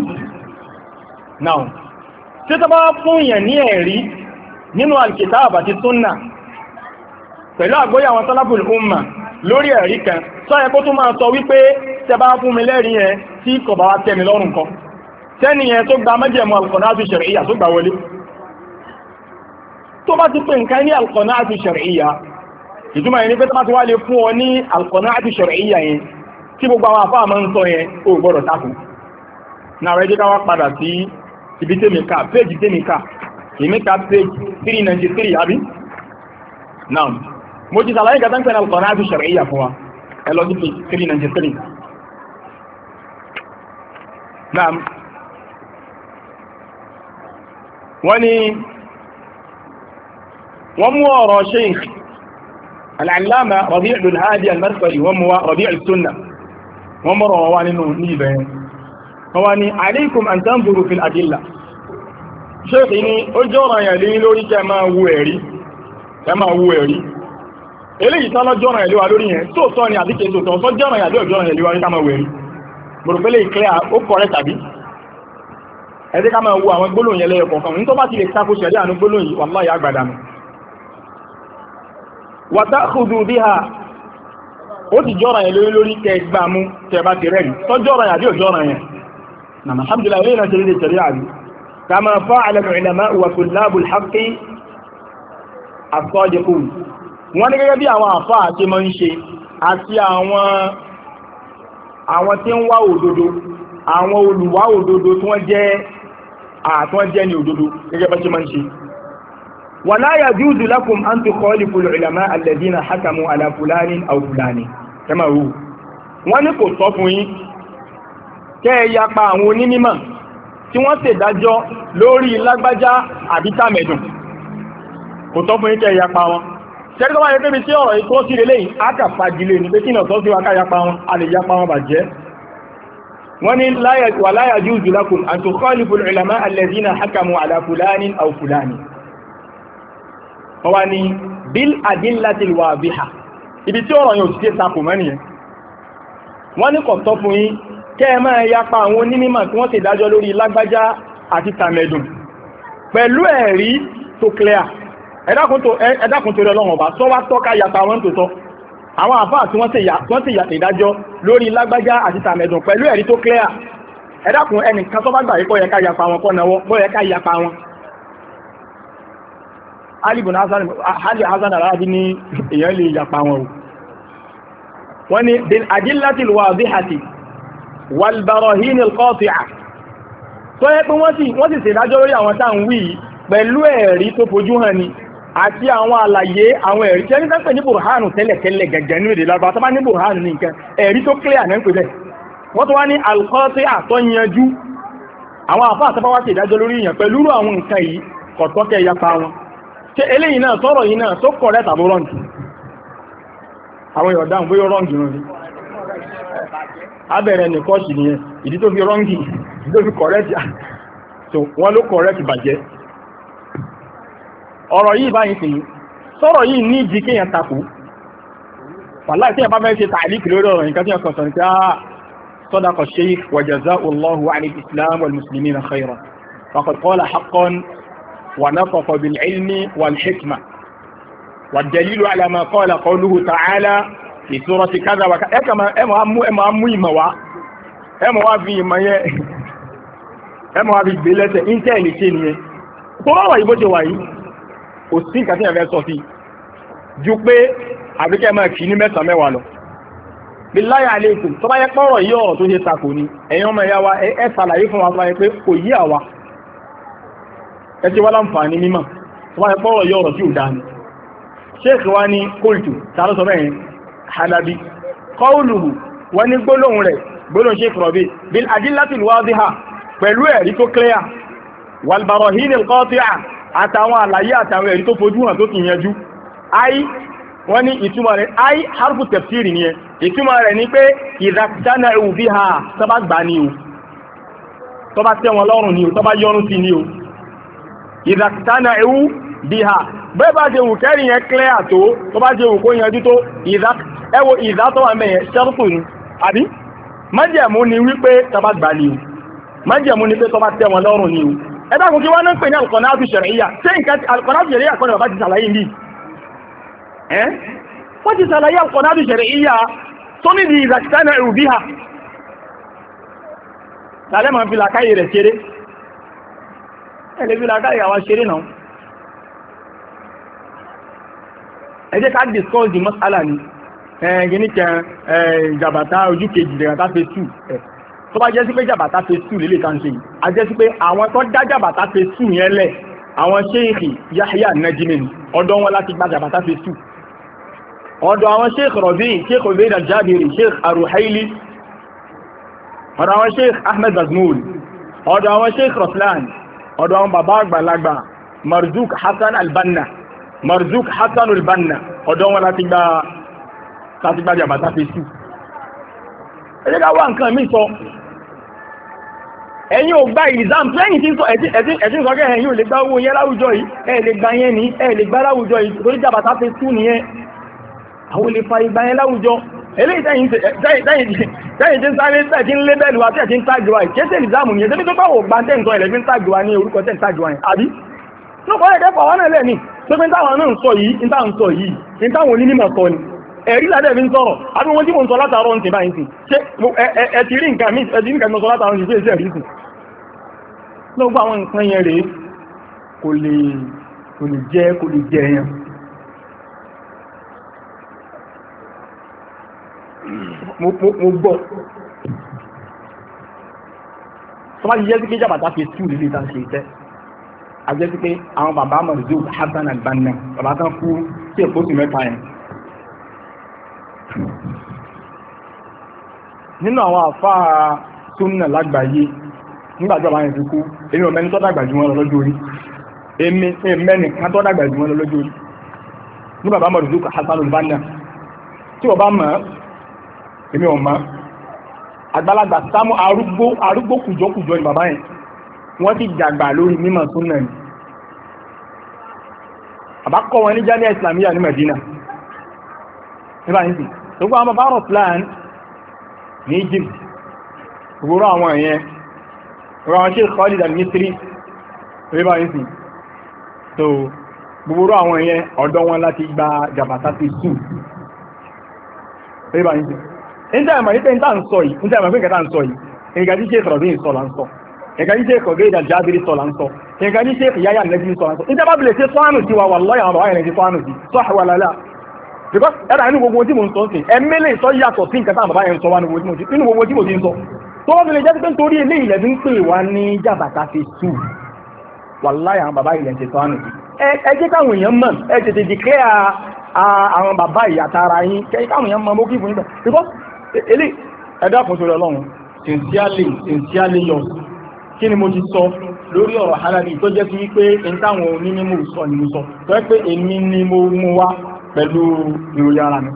now tí tó bá fún èèyàn ní ẹ̀rí nínú alkitab àti súnnà pẹ̀lú àgbóyà àwọn salaful umma lórí ẹ̀rí kan sọ ẹ̀kọ́ tó máa sọ wípé tẹ bá fún mi lẹ́rí ẹ tí kò bá wá tẹ́mi lọ́rùn kan tẹ́ni ẹ tó gba mẹ́jẹ̀mú alqanatu ti pè nǹkan ní alqanatu shar'iyya ìtumọ̀ yẹn ni pé tọ́mátì wá lè fún ọ ní al-qana'atu shar'iyya yẹn tí gbogbo àwọn afọ́ àmọ́ ń sọ yẹn ó gbọ́dọ̀ takùn náà rẹ̀ jẹ́ ká wá padà sí ibi tèmíkà péjì tèmíkà ìmíkà péjì 393 àbí náà mo ti sàlàyé gàtán pẹ̀lú al-qana'atu shar'iyya fún wa ẹ lọ sí 393 náà wọ́n ni wọ́n mú ọ̀rọ̀ sheikh alàlámà rọ̀bí ìlúlhádìí almarkari wọ́n mú wa rọ̀bí ìsúnnà wọ́n mọ́rọ̀ wọ́n wá nínú ní ìbẹ̀yẹn wọ́n wá ní alaykum an tanzuru fil adilla ṣéèkì ní ó jẹ́ ọ̀rọ̀ yẹn lé lórí kẹ máa wu ẹ̀rí kẹ máa wu ẹ̀rí eléyìí tán lọ́jọ́ ọ̀rọ̀ yẹn lé wa lórí yẹn tó tọ́ ni àbí kèso tán sọ́jọ́ ọ̀rọ̀ yẹn lé ọjọ́ ọ̀rọ̀ yẹn lé wa ní máa wu ẹ̀rí wàtàkùdù bí ha ó ti jọ́ra ẹ̀ lórí lórí kẹ gbà mú kẹ bá ti rẹ̀rì tó jọ́ra yà bí ò jọ́ra yẹn na alhamdulillah ilé ìrìnà ṣeré ṣeré àbí kama fa'ala al-ulama wa tullabu al-haqqi as wọ́n ní gẹ́gẹ́ bí àwọn àfá àti mọ́ ń ṣe àti àwọn tí ń wá òdodo àwọn olùwá òdodo tí wọ́n jẹ́ ni òdodo gẹ́gẹ́ bá ṣe mọ́ ń ṣe wala yajuzu lakum an tukhalifu al-ulama alladhina hakamu ala fulanin aw fulanin kama hu wọ́n ní kò tọ́ fún yín kẹ́ ẹ yapa àwọn onímọ̀ tí wọ́n ṣe dájọ́ lórí lágbájá àbí tàmẹ̀dùn kò tọ́ fún yín kẹ́ ẹ yapa wọn ṣẹ́rí tó bá yẹ pébi tí ọ̀rọ̀ yìí tó sí lélẹ̀ yìí á kà fagilé ni pé kí náà tọ́ sí wa yapa wọn a lè yapa wọn bàjẹ́ wọ́n ní wala yajuzu lakum an tukhalifu al-ulama alladhina hakamu ala fulanin aw wọ́n wá ní bil adillatil wadiha ibi tí ọ̀rọ̀ yóò ti sapò mẹ́rin yẹn wọ́n ní kọ̀tọ́ fún yín kẹ́ ẹ máa yapa àwọn onímọ̀ tí wọ́n ti dájọ́ lórí lágbájá àti tàmẹ̀dùn pẹ̀lú ẹ̀rí tó clear ẹ̀dákun torí ọlọ́run ọba sọ wá tọ́ka yapa wọn tó tọ́ àwọn àfáà tí wọ́n ti yàtọ̀ ìdájọ́ lórí lágbájá àti tàmẹ̀dùn pẹ̀lú ẹ̀rí tó clear ẹ̀dákun ẹnìkan tó bá gbà yí kọ́ yẹ ká yapa wọn kọ́ náwọ́ kọ́ yẹ ká yapa wọn alìbùn hasan aláàbí ní èyàn lè yapa wọn o wọ́n ni bin adillatil wadihati wal barahin al qati'a tó yẹ pé wọ́n sì ṣèdájọ́ lórí àwọn tá à ń wí pẹ̀lú ẹ̀rí tó fojú hàn ni àti àwọn àlàyé àwọn ẹ̀rí tẹ́lẹ̀ tẹ́lẹ̀ ní burhanu tẹ́lẹ̀tẹ́lẹ̀ gẹ̀gẹ̀ ní èdè lábá tó ní burhanu ní nǹkan ẹ̀rí tó clear ní ń pè bẹ́ẹ̀ wọ́n tó wá ní alkọ́tí àtọ́ yanjú àwọn àfáà tó bá wá ṣèdájọ́ lórí èèyàn pẹ̀lú àwọn nǹkan yìí kọ̀tọ́kẹ́ yapa wọn ṣe eléyìí náà sọ̀rọ̀ yìí náà tó correct àbó rọ́ǹgì àwọn èèyàn dáhùn bóyá rọ́ǹgì rọ́ǹgì abẹ̀rẹ̀ nìkan sì nìyẹn ìdí tó fi rọ́ǹgì ìdí tó fi correct so wọ́n ló correct bàjẹ́ ọ̀rọ̀ yìí báyìí sì sọ̀rọ̀ yìí ní ìdí kéèyàn takò wàláì tí ونطق بالعلم والحكمة والدليل على ما قال قوله تعالى في سورة كذا وكذا كما أم أم أم أم إموا أم وافي ما ي أم وافي بلسة إنت اللي تيني ترى واي بوجه واي أستين كاتين أبي أسوفي جوبي àbí kẹ́ máa kì mẹ́wàá lọ. Billahi alaykum tó yẹ pọ́rọ̀ yí tó ṣe takò ni ẹ̀yin ọmọ ìyá wa ẹ fún wa fún wa pé kò yí àwa ẹtí wá láǹfààní mímọ̀ tó bá ẹpọ́ ọ̀rọ̀ yọ ọ̀rọ̀ tí ò dáa ni ṣéèkì wá ní kóòtù tààrọ sọ halabi kọ́ọ̀lùhù wọ́n ní gbólóhùn rẹ̀ gbólóhùn ṣéèkì rọ̀bí bil adillati alwadiha pẹ̀lú ẹ̀rí tó clear wal barahin alqati'a àtàwọn àlàyé àtàwọn ẹ̀rí tó ai wọ́n ní ai harfu tafsiri ni ẹ ni pé ìdàkítánà ewu bí ha tọ́ba gbà ni o tọ́ba tẹ́ lọ́rùn ni o tọ́ba yọrùn sí ni o ìdàkítánà ewu bí ha bẹ́ẹ̀ bá ṣe wù kẹ́rì yẹn clear tó tó bá ṣe wù kó yanjú tó ẹwọ ìdá tó wà mẹ́yẹn ṣẹ́rùtù ni àbí májẹ̀mú ni wípé tọba gbà ni o májẹ̀mú ni pé tọba tẹ wọn lọ́rùn ni o ẹ dákun kí wọ́n ń pè ní alukọ̀nàtù ṣẹ̀ríyà ṣé nǹkan alukọ̀nàtù ṣẹ̀ríyà kọ́ni bàbá ti ṣàlàyé ní ẹlẹ́bí la káyà wa ṣeré náà ẹ jẹ́ ká discuss the masala ni ẹ̀yìn kẹ jàbàtà ojú kejì jàbàtà phase two ẹ̀ tó bá jẹ́ sí pé jàbàtà phase two lélẹ̀ tá ṣe yìí a jẹ́ sí pé àwọn tó dá jàbàtà phase two yẹn lẹ̀ àwọn ṣéèkì Yahya Najmi ni ọ̀dọ̀ wọn láti gba jàbàtà phase two ọ̀dọ̀ àwọn ṣéèkì Rabi' ṣéèkì Rabi' Al-Jabiri ṣéèkì Ar-Ruhaili àwọn ṣéèkì Ahmed Bazmoul ọ̀dọ̀ àwọn ṣéèkì Raslan ọ̀dọ̀ àwọn bàbá àgbàlagbà Marzuk Hassan al-Banna Marzuk Hassan al-Banna ọ̀dọ̀ wọn láti gba láti gba jàbàtà fèsì ẹ̀jẹ̀ ká wá nǹkan mi sọ ẹ̀yin ò gba exam lẹ́yìn tí ń sọ ẹ̀sìn sọ kẹ́ ẹ̀yin ò lè gba owó yẹn láwùjọ yìí ẹ̀ lè gba yẹn ní ẹ̀ lè gba láwùjọ yìí torí jàbàtà fèsì nìyẹn àwọn lè fa ìgbà yẹn láwùjọ eléyìí tẹ́yìn tí ń sáré tẹ́yìn tí ń lé bẹ́ẹ̀lì wa tẹ́yìn tí ń tàgì wa ìkéṣe ìdáàmù yẹn tẹ́bí tó pàwọ̀ gba tẹ́yìn tọ́ ilẹ̀ fi ń tàgì wa ní orúkọ tẹ́yìn tàgì wa yẹn àbí ló kọ́ ẹ̀dẹ́fọ̀ àwọn náà lẹ́ni tó fi ń táwọn náà ń sọ yìí ń táwọn sọ yìí ń táwọn onímọ̀ sọ ni ẹ̀rí ládẹ́ fi ń sọ̀rọ̀ àbí wọn tí mo ń sọ látàárọ̀ ń tì báyìí sí ẹ ti rí nǹkan mi ẹ nǹkan mi sọ látàárọ̀ ń tì sí ẹ̀rí sí lọ́gbọ́ àwọn nǹkan yẹn rèé kò lè jẹ́ kò lè jẹ́ yẹn mo gbọ́ tó bá ti jẹ́ pé jàbàtà fi tú lílé tá a ṣe iṣẹ́ a jẹ́ pé àwọn bàbá mọ̀lẹ́dẹ́ òkú hasan albanna bàbá kan kú sí èkó sí mẹ́ta yẹn nínú àwọn àfáà súnà lágbàáyé nígbàjọ́ àwọn ẹ̀sìn kú èmi ọ̀mẹ́ni tó dàgbà jù wọn lọ lọ́jọ́ orí èmi ẹ̀mẹ́ni kan tó dàgbà jù wọn lọ lọ́jọ́ orí ní bàbá mọ̀lẹ́dẹ́ òkú hasan albanna tí wọ́n bá mọ̀ èmi ò mọ̀ àgbàlagbà sámú arúgbó arúgbó kùjọkùjọ ni bàbá yẹn wọ́n ti dàgbà lórí mímọ̀ súnà ni bàbá kọ́ wọn ní jami'a islamiyya ní Madina nígbà yìí sì tó gbọ́ àwọn bàbá rọ̀ plan ní Egypt gbogbo àwọn yẹn rọ àwọn Sheikh Khalid al-Misri nígbà yìí sì tó gbogbo àwọn yẹn ọ̀dọ́ wọn láti gba jàbàtà sí sùn nígbà yìí sì níta àmà yìí pé níta ń sọ yìí níta àmà pé nǹkan tá ń sọ yìí nǹkan tí sèkò rọ̀bí ń sọ là ń sọ nǹkan tí sèkò gé ìdàjà abiri sọ là ń sọ nǹkan tí sèkò yáyà nẹ́bí ń sọ là ń sọ níta bá bilẹ̀ wa wàlọ́ yàrá wà yẹn ti tọ́hánù sí because ẹ̀rọ inú gbogbo tí mo ń sọ sí ẹ̀mẹ́lẹ̀ sọ yàtọ̀ sí nǹkan tá àmà bá yẹn wa nínú gbogbo tí mo ti ń sọ tó wọ́n fi lè jẹ́ pé nítorí ilé ilẹ̀ fi ń pè wá ní jàbàtà fi tù wàláyà àwọn bàbá ilẹ̀ ṣe tọ́nù ẹ jẹ́ káwọn èèyàn mọ̀ ẹ tètè dìkẹ́ àwọn bàbá ìyàtara yín kẹ́ káwọn èèyàn mọ̀ mọ́ kí fún yín bẹ̀ because ilé ẹ̀dá fún sórí ọlọ́run sincerely sincerely yours kí ni mo ti sọ lórí ọ̀rọ̀ halali tó jẹ́ sí wípé n táwọn onímọ̀ sọ ni mo sọ tó yẹ pé èmi ni mo mú wá pẹ̀lú ìròyìn ara mi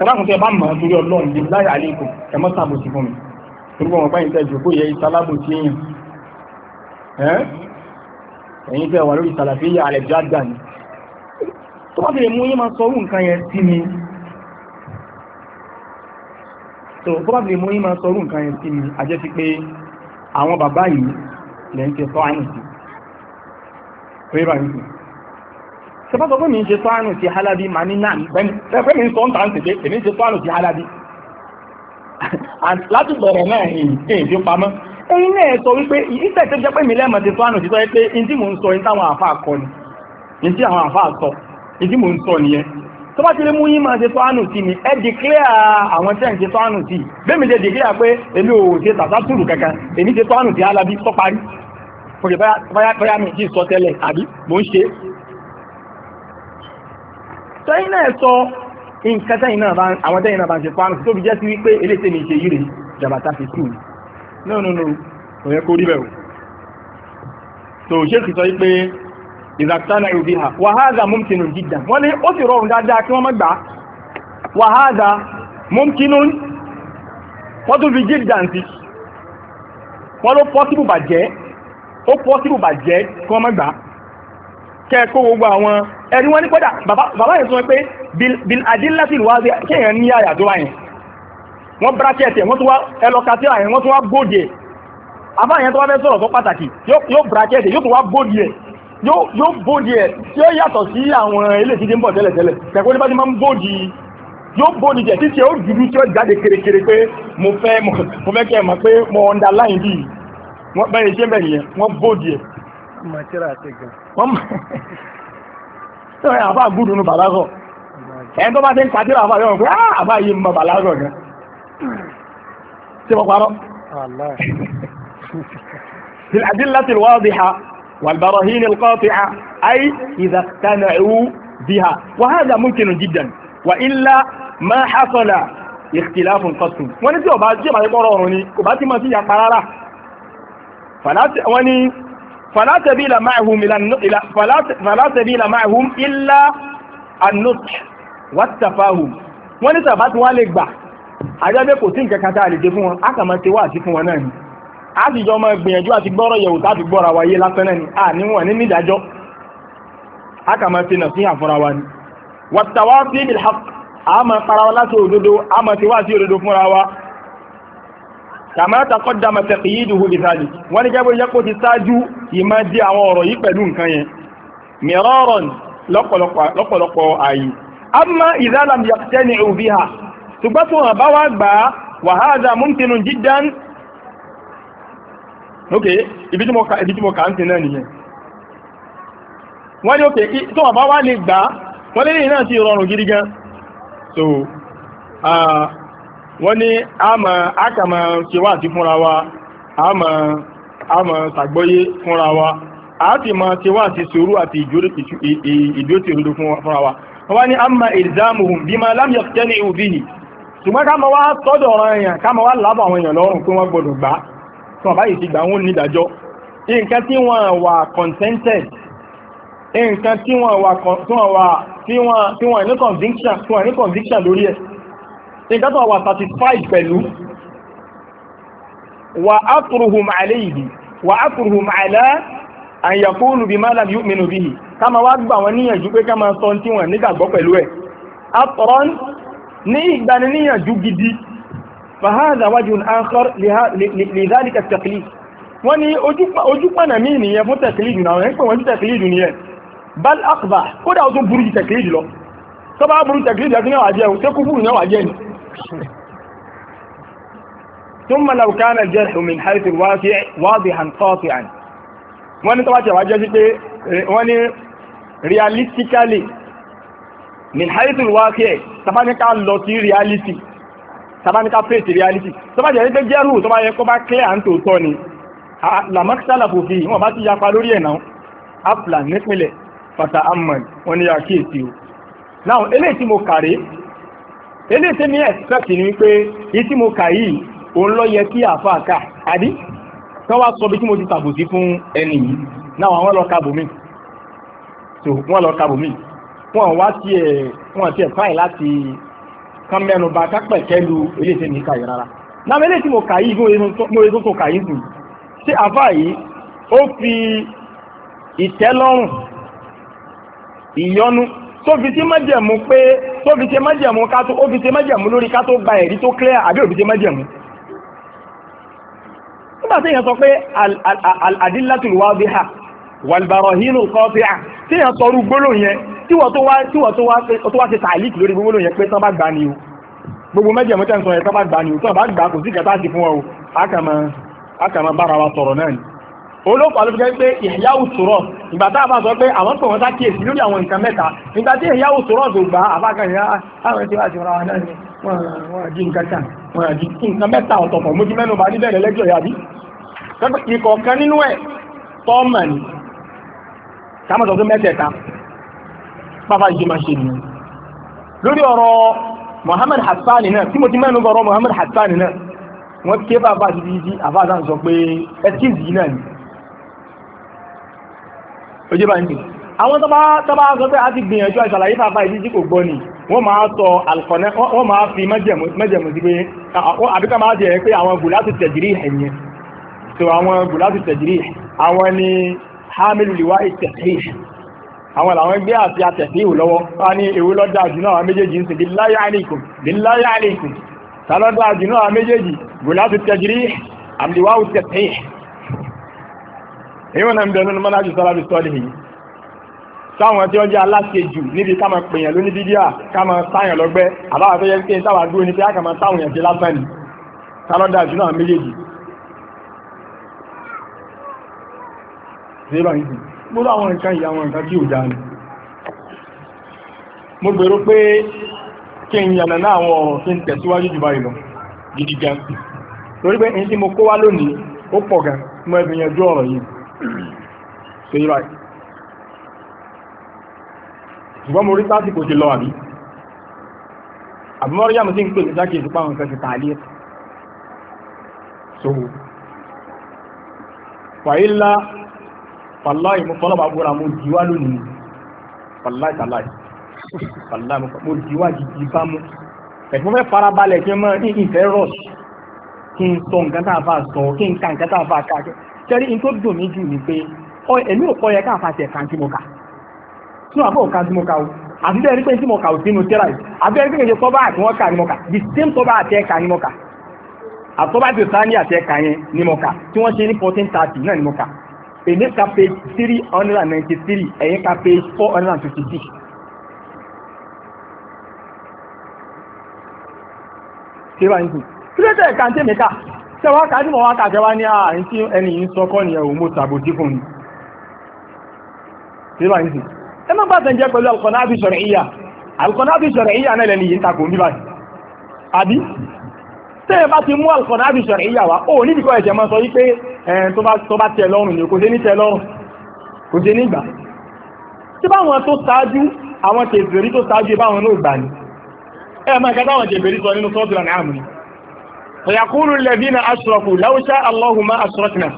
ẹ̀dá fún tẹ́ bá mọ̀ sórí ọlọ́run bí láyà àlékò ẹ̀ mọ́ sàbòsí fún mi torí wọn bá yìí tẹ́ jòkó yẹ ìsalábòsí èèyàn ẹ̀yin tẹ́ wà lórí ìsàlàfíyà àlẹ́jáde ni tó bá fi lè mú yín máa sọ orú nǹkan yẹn sí mi so probably mo yí máa sọrú nǹkan yẹn sí mi àjẹ́ ti pé àwọn bàbá yìí lè ń ṣe tọ́ánù sí pé bá yìí ṣe bá sọ pé mi ń ṣe tọ́ánù sí halabi màá ní náà bẹ́ni pé mi ń sọ ń tà ń tètè èmi ń ṣe tọ́ánù sí halabi <laughs> láti bẹ̀rẹ̀ náà èyí èyí pamọ́ ẹ̀yin náà sọ wípé ìfẹ́ tó jẹ́ pé mi lẹ́mọ̀ ti tọ́ánù sí sọ pé ní tí mò ń sọ ní táwọn àfa kọ ni ní tí àwọn àfa sọ ní tí mò ń sọ nìyẹn tó bá ti lè mú yí máa ṣe tọ́ánù tí ni ẹ dìklẹ́à àwọn tẹ́ ń ṣe tọ́ánù tí bẹ́ẹ̀ mi ṣe dìklẹ́à pé èmi ò ṣe tàṣátùrù kankan èmi ṣe tọ́ánù tí alábí tó parí fòkè báyá mi jí sọ tẹ́lẹ̀ àbí mò ń ṣe tẹ́yìn náà sọ nǹkan tẹ́yìn náà àwọn tẹ́yìn náà bá ń ṣe tọ́ánù tó fi jẹ́ sí wípé eléṣẹ́ mi ṣe yí rè jàbàtà fi kú no no no kò yẹ kó rí bẹ́ẹ̀ o ìzàtánà ìrùbí ha wàhádà múmkínú jìdàn wọ́n ní ó sì rọrùn dáadáa kí wọ́n má gbà wàhádà múmkínú wọ́n tún fi jìdàn sí wọ́n ló pọ́síbù bà jẹ́ ó pọ́síbù bà jẹ́ kí wọ́n má gbà kẹ́ẹ̀kọ́ gbogbo àwọn ẹni wọ́n ní kọ́dà bàbá yẹn sọ pé bil adillati wáṣẹ kéèyàn ní àyà tó wáyẹn wọ́n brákẹ́ẹ̀tì wọ́n tún wá ẹlọ́kàtì àyẹn wọ́n tún wá bóde àbáyẹn tó wá fẹ́ sọ̀rọ̀ tó pàtàkì yóò brákẹ́ẹ̀tì yóò tún wá bóde ẹ̀ yóò bóòdì ẹ̀ tí ó yàtọ̀ sí àwọn ilé ìdíje ń bọ̀ tẹ́lẹ̀tẹ́lẹ̀ tẹ̀kọ́ nípa ti máa ń bóòdì yóò bóòdì jẹ̀ títí ó dúdú tí ó jáde kérekére pé mo fẹ́ mo fẹ́ kẹ́ ẹ̀ mọ̀ pé mo underline bíi wọ́n bẹ́ẹ̀ ṣe bẹ́ẹ̀ nìyẹn wọ́n bóòdì ẹ̀. wọ́n mọ̀ àbá gúdù nu bàlágọ̀ ẹni tó bá ti ń kàdírà àbá yọ̀ pé ah, àbá yìí mọ bàlágọ̀ gan ṣé mo parọ́. الأدلة الواضحة <laughs> والبراهين القاطعة أي إذا اقتنعوا بها وهذا ممكن جدا وإلا ما حصل اختلاف قسم wọ́n tí ọba jẹ́ báyìí kọ́rọ̀ ọ̀run ni kò bá ti mọ̀ sí yàpá rárá wọ́n ni فلا سبيل معهم إلى فلا سبيل معهم إلا النطق والتفاهم wọ́n ní sàbá tí wọ́n lè gbà àjẹ́bẹ́ kò sí nǹkan kan tá a lè dé fún wọn á kà máa ṣe wáàsí fún wọn náà ni a sì jọ máa gbìyànjú àti gbọ́rọ̀ yẹ̀wò tá a fi gbọ́ra wa yé lásán náà ni a níwọ̀n ní nídàájọ́ a kà máa fi nà sí àfúnra wa ni wàtàwá sí bil haqq a máa para wa láti òdodo a máa ti wá sí òdodo fúnra wa kàmá taqaddama taqyiduhu bi dhalik wọ́n ní jẹ́bọ́ yẹ́pọ̀ ti ṣáájú ìmọ̀ di àwọn ọ̀rọ̀ yìí pẹ̀lú nǹkan yẹn mìíràn lọ́pọ̀lọpọ̀ ààyè amma idha lam yaqtani'u biha ṣùgbọ́n tó hàn bá wá gbà wàhádà mumkinun jiddan lókè ibi tí mo ka ibi tí mo kà ń sin náà nìyẹn wọ́n ní òkè tó wà bá wá lè gbà wọ́n lè náà ti rọrùn gidi gan so wọ́n ní àmà àkàmà ṣewà àti fúnra wa àmà àmà ṣàgbọ́yé fúnra wa àti ma ṣewà àti sùúrù àti ìdíòtì òdodo fúnra wa wọ́n ní àmà ìlzámuhùn bí ma lámì ọ̀tẹ́ni ìhù bí ṣùgbọ́n ká ma wá sọ́dọ̀ ọ̀ràn èèyàn tí wọ́n bá yìí ti gbà wọ́n nídàjọ́ nǹkan tí wọ́n wà contented nǹkan tí wọ́n wà tí wọ́n ní conviction tí wọ́n ní conviction lórí ẹ̀ nǹkan tó wà satisfied pẹ̀lú wà áfùrùhùn àléyìí wà áfùrùhùn àlá àyàkóòlù bí má làbí mẹ́nu bí i ká máa wá gbà wọn níyànjú pé ká máa sọ tí wọ́n nígbàgbọ́ pẹ̀lú ẹ̀ àtọ̀rọ̀ ní ìgbaniníyànjú gidi فهذا وجه آخر لها لذلك التقليد واني اوجوكا انا مين يا فو تقليد نا هيك وان تقليد ني نعم. بل اقضى كود اوزو بروج تقليد لو سبا بروج تقليد لكن هو اجي تكفو ني واجي ثم لو كان الجرح من حيث الواقع واضحا قاطعا واني تبعت واجي دي رياليستيكالي من حيث الواقع تبعني كان لو تي tabanika face reality tó bá jẹ́ wípé jẹ́rù tó bá yẹ kó bá clear and tòótọ́ ni lamakisala kò fi wọn bá ti yapa lórí ẹ̀nà apla nípìnlẹ̀ fata amman wọn ni àkíyèsí o now eléyìí tí mo kàrí eléyìí tí mi expect ni wípé yìí tí mo kà yìí òun lọ yẹ kí àfa kà àdí tó wá sọ bí tí mo ti tàbùsí fún ẹni yìí now àwọn lọ ka bòmí so wọn lọ ka bòmí wọn wá tiẹ̀ wọn tiẹ̀ fáìn láti kan mẹ́nu bá kápẹ̀ kẹ́lu eléyìí tẹ́lẹ̀ níkà yìí rárá náà eléyìí tí mo kà yìí mo èso tó kà yìí sùn ṣé àfà yìí ó fi ìtẹ́lọ́rùn ìyọnu tó fi ṣe májẹ̀mú pé tó fi ṣe májẹ̀mú ká tó ó fi ṣe májẹ̀mú lórí ká tó gba ẹ̀rí tó clear àbí òfi ṣe májẹ̀mú nígbà tí èèyàn sọ pé al-adillatul wadiha wal barahinu al-qati'a tí èèyàn sọ orú gbólóhùn yẹn tí wọ́n tó wá ṣe tàìlìk lórí gbogbo lóyìn pé tán bá gbà ní o gbogbo mẹ́jẹ̀ mọ́tẹ́ ń sọ ẹ̀ tán bá gbà ní o tán bá gbà kò sí kẹta sí fún ọ akàmà bára wa sọ̀rọ̀ náà ni olóòpàá ló fi jẹ́ pé ìyáwó sọ̀rọ̀ ìgbà tá a bá sọ pé àwọn tó wọn sá kíyèsí lórí àwọn nǹkan mẹ́ta nígbà tí ìyáwó sọ̀rọ̀ tó gbà àbákan ìyá ah, àwọn tí wàá ti ra wa náà ni wọ́n àjí nǹkan kan wọ́n àjí nǹkan mẹ́ta ọ̀tọ̀ọ̀tọ̀ mo ti mẹ́nu bá níbẹ̀rẹ̀ lẹ́jọ́ yàbí ìkọ̀ọ̀kan nínú ẹ̀ tọ́ọ̀mà ni ká mọ̀ sọ pé mẹ́tẹ̀ẹ̀ta bàbá yìí máa ṣe nìyí lórí ọ̀rọ̀ Muhammad Hassan náà tí mo ti mẹ́nu bọ̀rọ̀ Muhammad Hassan náà wọ́n ké bàbá àti bíbí àbá àdáhùn sọ pé ẹtíìsì yìí náà ni ó jẹ́ báyìí àwọn tọ́bá sọ pé a ti gbìyànjú àṣàlàyé bàbá ìdí tí kò gbọ́ ni wọ́n máa sọ alkọ̀nẹ́ wọ́n máa fi mẹ́jẹ̀mú sí pé àbíká máa jẹ́ pé àwọn gùlátù tẹ̀jìrí ẹ̀yìn so àwọn gùlátù tẹ̀jìrí àwọn ni hamilu liwa ìtẹ̀jìrí àwọn làwọn gbé àti àtẹ̀sí ìwò lọ́wọ́ wá ní èwo ló dáa jù náà àwọn méjèèjì ń sìn billahi alaykum billahi alaykum ta ló dáa jù náà àwọn méjèèjì gùlátù tajrih àmìwáwù tẹ̀sí èyí náà ń bẹ̀rù ní mọ́nájú sọ́lábì sọ́lì yìí sáwọn tí ó jẹ́ aláṣẹ jù níbi ká máa pèèyàn lóní bídíà ká máa sáyàn lọ́gbẹ́ àbáwà tó yẹ kí zero easy gbọ́dọ̀ àwọn nǹkan ìyà àwọn nǹkan tí ò dáa ni mo gbèrò pé kí n yànnà náà àwọn ọ̀rọ̀ tí ń tẹ̀síwájú jù báyìí lọ gidi gan torí pé èyí tí mo kó wá lónìí ó pọ̀ gan mo ẹ̀bùn yanjú ọ̀rọ̀ yìí ṣe yíra ṣùgbọ́n mo rí sásìkò ti lọ àbí àbúmọ́rí yàmù sí ń pè ní sákèjì pàwọn nǹkan ti tààlé so wàyí wàláì mo fọlọ́ máa búra mo diwá lónìí wàláì tàláì wàláì mo diwá jìjì bá mú ẹ̀fọ́ fẹ́ farabalẹ̀ kí n ní ìfẹ́ rush kí n sọ nǹkan tá a fà sọ kí n ka nǹkan tá a fà ká kẹ́rí n tó dùn mí jù ni pé ọ ẹ̀mí ò kọ́ yẹ ká àfàṣẹ kan tí mo kà sínú àbọ̀ kan tí mo kà o àti bẹ́ẹ̀ rí pé tí mo kà ò sínú tẹ́ra yìí àbẹ́rẹ́ pé kìí ṣe tọ́ba àti wọ́n kà ni mo kà the same tọ́ba àti ẹ̀ka ni mo kà àtọ́ba àti ìsáni àti ẹ̀ka yẹn ní mo kà èmi ka page three hundred and ninety three ẹ̀yin ka page four hundred and fifty six. ṣé wàá nìkú kí kàńté mi ṣé wàá kájú mọ̀ wá kàjẹ́ wá ní àárín tí ẹni yìí ń sọ kọ́ nìyẹn òun mo ṣàbòjì fún mi. ṣé wàá nìkú ẹ má gbàtàn jẹ́ pẹ̀lú alukọ̀nà àbí sọ̀rọ̀ ìyá alukọ̀nà àbí sọ̀rọ̀ ìyá náà lẹ́nu yìí ń takò ń báyìí àbí. tẹ́ẹ̀ bá ti mú àlùkọ̀dá àbìṣẹ̀ rẹ̀ yà wá ó níbi kọ́ ẹ̀jẹ̀ máa sọ yí pé ẹ̀ẹ́n tó bá tẹ lọ́rùn ni kò dé ní tẹ lọ́rùn kò dé nígbà tí báwọn tó ṣáájú àwọn tèbèrí tó ṣáájú báwọn náà gbà ní ẹ الله ما أشركنا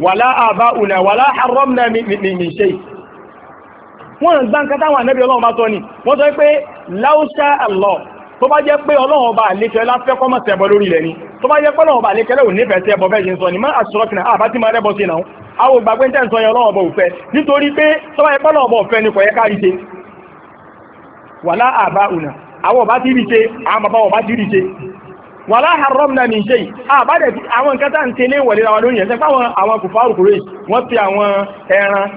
ولا آباؤنا ولا حرمنا من شيء wọ́n gbá ń kátàwà nẹ́bí ọlọ́run bá tọ́ ni wọ́n sọ pé láúṣà Allah tó bá jẹ́ pé ọlọ́run ọba àlékẹ́ láfẹ́ kọ́mọ̀ sí ẹbọ lórí ilẹ̀ ni tó bá jẹ́ pé ọba àlékẹ́ lẹ́wọ̀n nífẹ̀ẹ́ sí ẹbọ bẹ́ẹ̀ sọ ni má àṣọ́kìnà àbá tí máa rẹ́bọ sí náà àwọn ògbàgbé ń tẹ́ǹsọ yẹn ọlọ́run ọba òfẹ́ nítorí pé tó bá jẹ́ ọba ni yẹ kárí ṣe ọba ti rí ṣe ọba ti rí ṣe haram na àwọn nǹkan tá ń tẹ́lé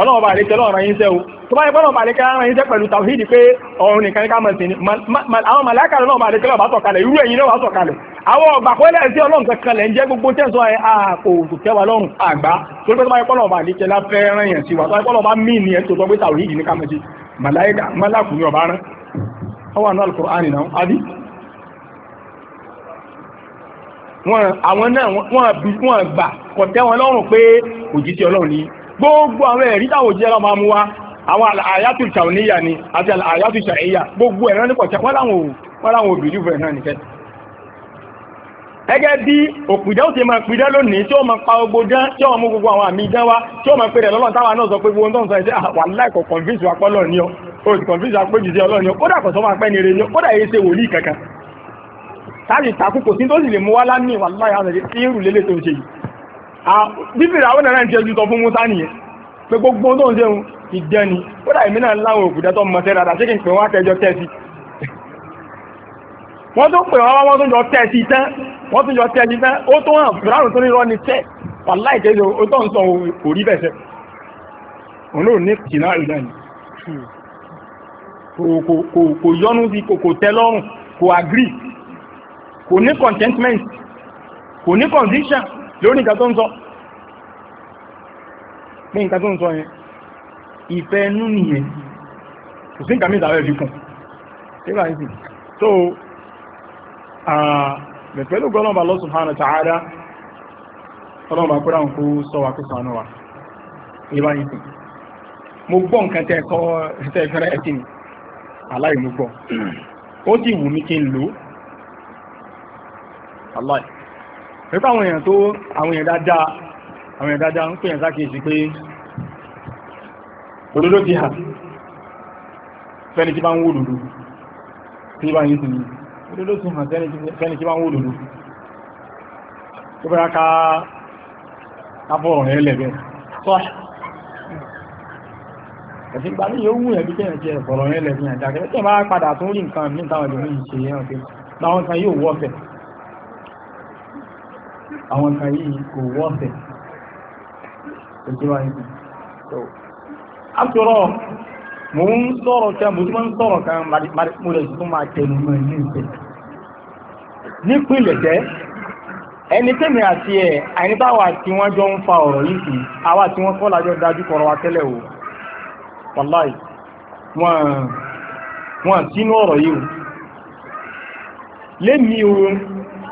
ọlọ́run bá àlékẹ́ lọ́rọ̀ yín sẹ́wọ́ tó bá yẹ pé ọlọ́run bá àlékẹ́ lọ́rọ̀ yín sẹ́ pẹ̀lú tàwíìdì pé ọ̀run nìkan ní ká mọ̀ sí ni àwọn màláìka lọ́run bá àlékẹ́ lọ́rọ̀ bá sọ̀kalẹ̀ irú ẹ̀yin lọ́wọ́ sọ̀kalẹ̀ àwọn ọgbà pẹ́lẹ́ sí ọlọ́run kankan lẹ̀ ń jẹ́ gbogbo tẹ̀sán ẹ̀ àpò òtútẹ́wà lọ́rùn àgbá torí pé tó bá yẹ pé ọlọ́run bá àlékẹ́ lá fẹ́ rán yẹn sí wa tó bá yẹ pé ọlọ́run bá mí ni ẹ̀ tó sọ pé tàwíìdì ní ká mọ̀ sí màláìka málàkù ni ọba rán ọwọ́ àná alukur'ani náà àbí wọn àwọn náà wọn gbà kọ̀tẹ́ wọn lọ́rùn pé òjíṣẹ́ ọlọ́run ni gbogbo àwọn ẹ̀rí táwọn òjì ẹlọ́ máa mú wá àwọn àyàtù ìṣàwòníyà ni àti àyàtù ìṣàìyà gbogbo ẹ̀rọ nípọ̀ tẹ́ wọ́n láwọn òbìrí ìfẹ́ náà nìkẹ́ gẹ́gẹ́ bí òpìdá ó ti máa pìdá lónìí tí ó máa pa ogbó dán tí ó mú gbogbo àwọn àmì dán wá tí ó máa pèrè lọ́lọ́ táwa náà sọ pé gbogbo tó ń sọ ẹ̀sẹ̀ láìkọ̀ o ti convince wa pé kódà wòlíì kankan bíbìrì àwọn náà ń ṣe ojútọ fún Musa nìyẹn pé gbogbo tó ń ṣeun ìdẹni ó dà ìmínà láwọn òkúta tó mọ̀ sẹ́ra àti kìí pè wọ́n akẹjọ tẹ́sí wọ́n tó pè wọ́n wọ́n tó jọ tẹ́sí tán wọ́n tó jọ tẹ́sí tán ó tó hàn fìràrùn tó ní rọ́ ni tẹ́ wàláì tẹ́sí ó tó ń sọ òrí bẹ̀sẹ̀ òun ló ní kìnnà ìdá ni kò yọnu sí kò tẹ́ lọ́rùn agree kò ní contentment kò ní conviction lórí nǹkan tó ń sọ pé nǹkan tó ń sọ yẹn ìfẹ́ ẹnu nìyẹn kò sí nǹkan mìíràn rẹ̀ fi kùn síbà ń sì so pẹ̀lú gọ́lọ́mbà Allah subhanahu wa ta'ala ọlọ́mbà kúrò àwọn kó sọ wa kó sànú wa ìbá ń sì mo gbọ́ nǹkan tẹ́ ẹ̀kọ́ ẹ̀sẹ̀ ìfẹ́rẹ́ ẹ̀sìn ni aláì mo gbọ́ ó sì wù mí kí n lò ó pípa àwọn èèyàn tó àwọn èèyàn dáadáa àwọn èèyàn dáadáa ń pè yàn sákèèsí pé òdodo ti hàn fẹ́ni tí bá ń wó òdodo tí bá ń yí sí ni òdodo ti hàn fẹ́ni tí bá ń wó òdodo tó bẹ́ra ká kábọ̀rọ̀ rẹ̀ lẹ̀bẹ̀ tọ́ ẹ̀sìn gbà ní yóò wù ẹ̀bí tẹ́yàn jẹ́ ẹ̀bọ̀rọ̀ rẹ̀ lẹ̀bẹ̀ àjàkẹ́ tẹ́ bá padà tún rí nǹkan mí táwọn ẹ̀lòmí ṣe yẹn ọ̀tẹ́ láwọn kan yóò wọ́fẹ̀ẹ́ àwọn kan yìí kò wọ́ọ̀sẹ̀ tó jẹ́ wáyé so after all mo ń sọ̀rọ̀ kan mo tún máa ń sọ̀rọ̀ kan mo lè tún máa tẹnu mọ́ ní ìpè nípìnlẹ̀ jẹ́ ẹni tẹ́mi àti ẹ̀ àìní táwa tí wọ́n jọ ń fa ọ̀rọ̀ yìí sí àwa tí wọ́n kọ́ lájọ́ dájú kọ̀rọ̀ wa tẹ́lẹ̀ o wàláì wọ́n sínú ọ̀rọ̀ yìí o lémi o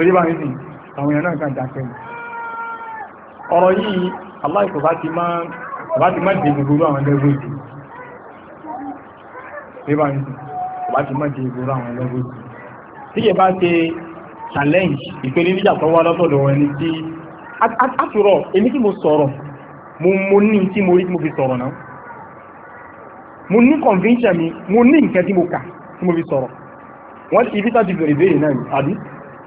torí bá nìsìn àwọn èèyàn náà kan dákẹ́ ni ọ̀rọ̀ yìí aláìkò bá ti má dé gbogbo àwọn ẹlẹ́gbẹ́ ìdí torí bá nìsìn kò bá ti má dé gbogbo àwọn ẹlẹ́gbẹ́ ìdí tí yẹ bá ṣe challenge ìpele níjà tó wá lọ́sọ̀dọ̀ ẹni tí àtúrọ̀ èmi tí mo sọ̀rọ̀ mo mo ní tí mo rí tí mo fi sọ̀rọ̀ náà mo ní convention mi mo ní nǹkan tí mo kà tí mo fi sọ̀rọ̀ wọ́n ti ibi tá ti bẹ̀rẹ̀ ìbéèrè náà àbí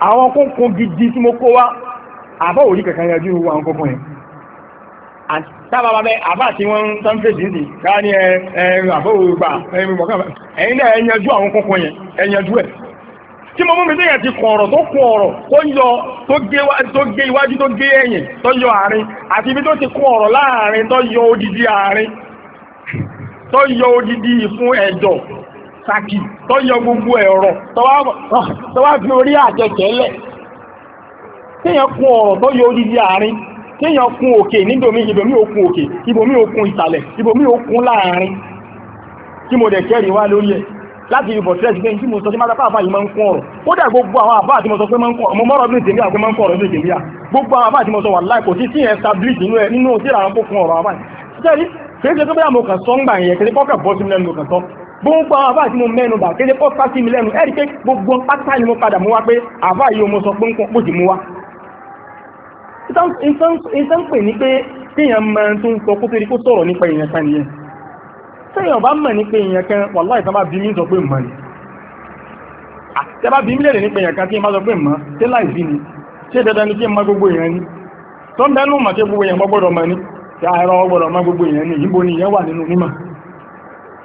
àwọn kókún gidi tí mo kó wá àbá òrí kankan yanjú àwọn kókún yẹn sábàbà bẹ́ àbá tí wọ́n ń tán fèsì ní káà ní ẹ̀rùn àbóògbà ẹ̀yìn náà mo mú mi tẹ́yà ti kọ̀ ọ̀rọ̀ tó kún ọ̀rọ̀ tó yọ tó gé iwájú tó gé ẹ̀yìn tó yọ àárín àti sàkì tó yọ gbogbo ẹ̀rọ tó wá fi orí àjẹkẹ́lẹ̀ kéèyàn kún ọ̀rọ̀ tó yọ odidi àárín kéèyàn kún òkè níbòmí ibòmí òkun òkè ibòmí òkun ìsàlẹ̀ ibòmí òkun láàárín tí mo dẹ̀ kẹ́rì wá lórí ẹ̀ láti ibò tí ẹ̀sìn pé tí tó bẹ́ẹ̀ mo sọ ń gbà yẹn kì í bọ́ sí mi lẹ́nu sọ gbogbo àwọn àbá àti mo mẹ́nu bà kéde pọ́ pátí mi lẹ́nu ẹ̀rí pé gbogbo pátá ni mo padà mú wá pé àbá yìí mo sọ pé ń ma pòjì mú wá. ìtàn pè ní pé kéèyàn máa tún sọ kó tó di kó sọ̀rọ̀ nípa èèyàn kan nìyẹn. ni. bí mi lèrè nípa èèyàn kan tí n bá sọ pé mọ̀ ṣé ni ṣé dandan ni kí n má gbogbo èèyàn ni. tó ń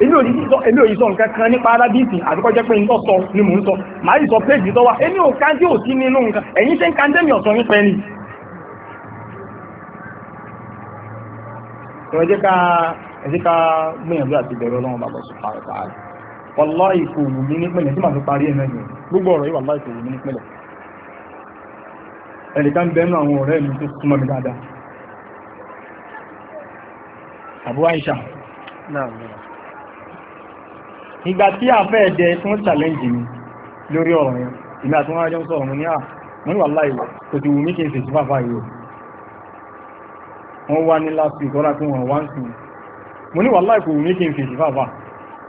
èmi òyìn sọ nǹkan kan nípa arábìsì àbíkọ́jẹ́ pé nǹkan sọ ni mò ń sọ màá yìí sọ péjì tó wa èmi ò ò sí nínú nǹkan ẹ̀yìn ṣe ń kan dẹ́mi ọ̀sán nípa ẹni. ẹ jẹ́ ká ẹ ká gbìyànjú àti bẹ̀rù ọlọ́run bàbá sùn pààrọ̀ pààrọ̀ wàlá ìkò wù mí nípìnlẹ̀ tí màá fi parí gbogbo ọ̀rọ̀ ìgbà tí a fẹ́ ẹ̀dẹ̀ tí wọ́n challenge mi lórí ọ̀rọ̀ yẹn ìgbà tí wọ́n ajọ́ ń sọ̀rọ̀ mo ní à wọ́n ní wàláhì kò ti wù mí kí n sì fàfà yìí wọ́n wá ní last week ọ̀rá tí wọ́n wá ń sùn mo ní wàláhì kò wù mí kí n sì fàfà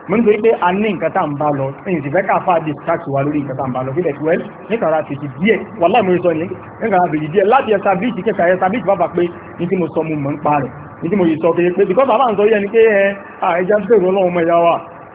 mo ní torí a ní nǹkan tá à ń bá lọ ẹ̀yìn sì fẹ́ ká fà dé táàkì wa lórí nǹkan tá à ń bá lọ fílẹ̀ tí wẹ́l níkàrà fèjì díẹ̀ wàláhì mo sọ ní níkàrà fèjì díẹ̀ láti establish kẹta establish bàbá pé ní tí mo sọ mo mọ̀ ń pa rẹ̀ ní tí mo yìí sọ pé because bàbá ń sọ yẹn ni pé ẹ ẹja ń bèrè ọlọ́run ọmọ ìyá wa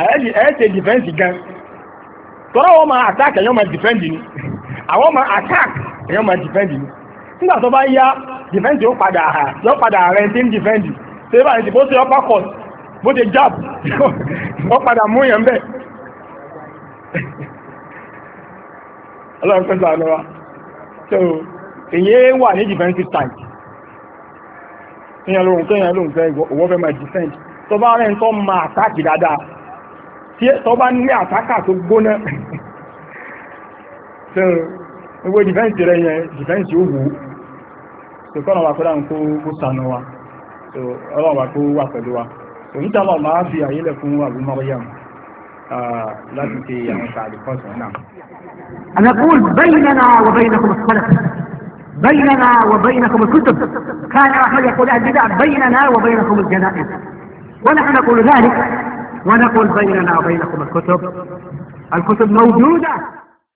ẹ̀ẹ́sẹ̀ dìfẹ́ǹsì gan tọ́rọ wọn máa attack ẹ̀yọ́ máa dìfẹ́ǹdì ni àwọn máa attack ẹ̀yọ́ máa dìfẹ́ǹdì ni nígbà tó bá yá dìfẹ́ǹsì ó padà yọ padà rẹ̀ tí ń dìfẹ́ǹdì tó yẹ bá ní ti bó ṣe upper court bó ṣe jab <laughs> ó padà mú yẹn bẹ́ẹ̀. <laughs> ọlọ́run pẹ̀lú àná wa so èyí wà ní defensive side ìyẹn lóhun tó yẹn lóhun fẹ́ ìwọ́fẹ́ máa defend tó bá rẹ̀ ń tọ́ máa attack dáadáa tí ẹ̀sọ́ bá ní àtàkà tó gbóná <laughs> so ewé dìfẹ́ǹsì rẹ̀ yẹn dìfẹ́ǹsì ó wù ú so kọ́nà wà fẹ́ràn kó kó sànú wa so kó wà pẹ̀lú wa so máa fi àyílẹ̀ fún Abu láti ṣe àwọn sàlẹ̀ kọ́sàn náà. أنا أقول بيننا وبينكم السلف بيننا وبينكم الكتب كان أحمد يقول البدع بيننا وبينكم الجنائز ونحن نقول ذلك ونقول بيننا وبينكم الكتب الكتب موجودة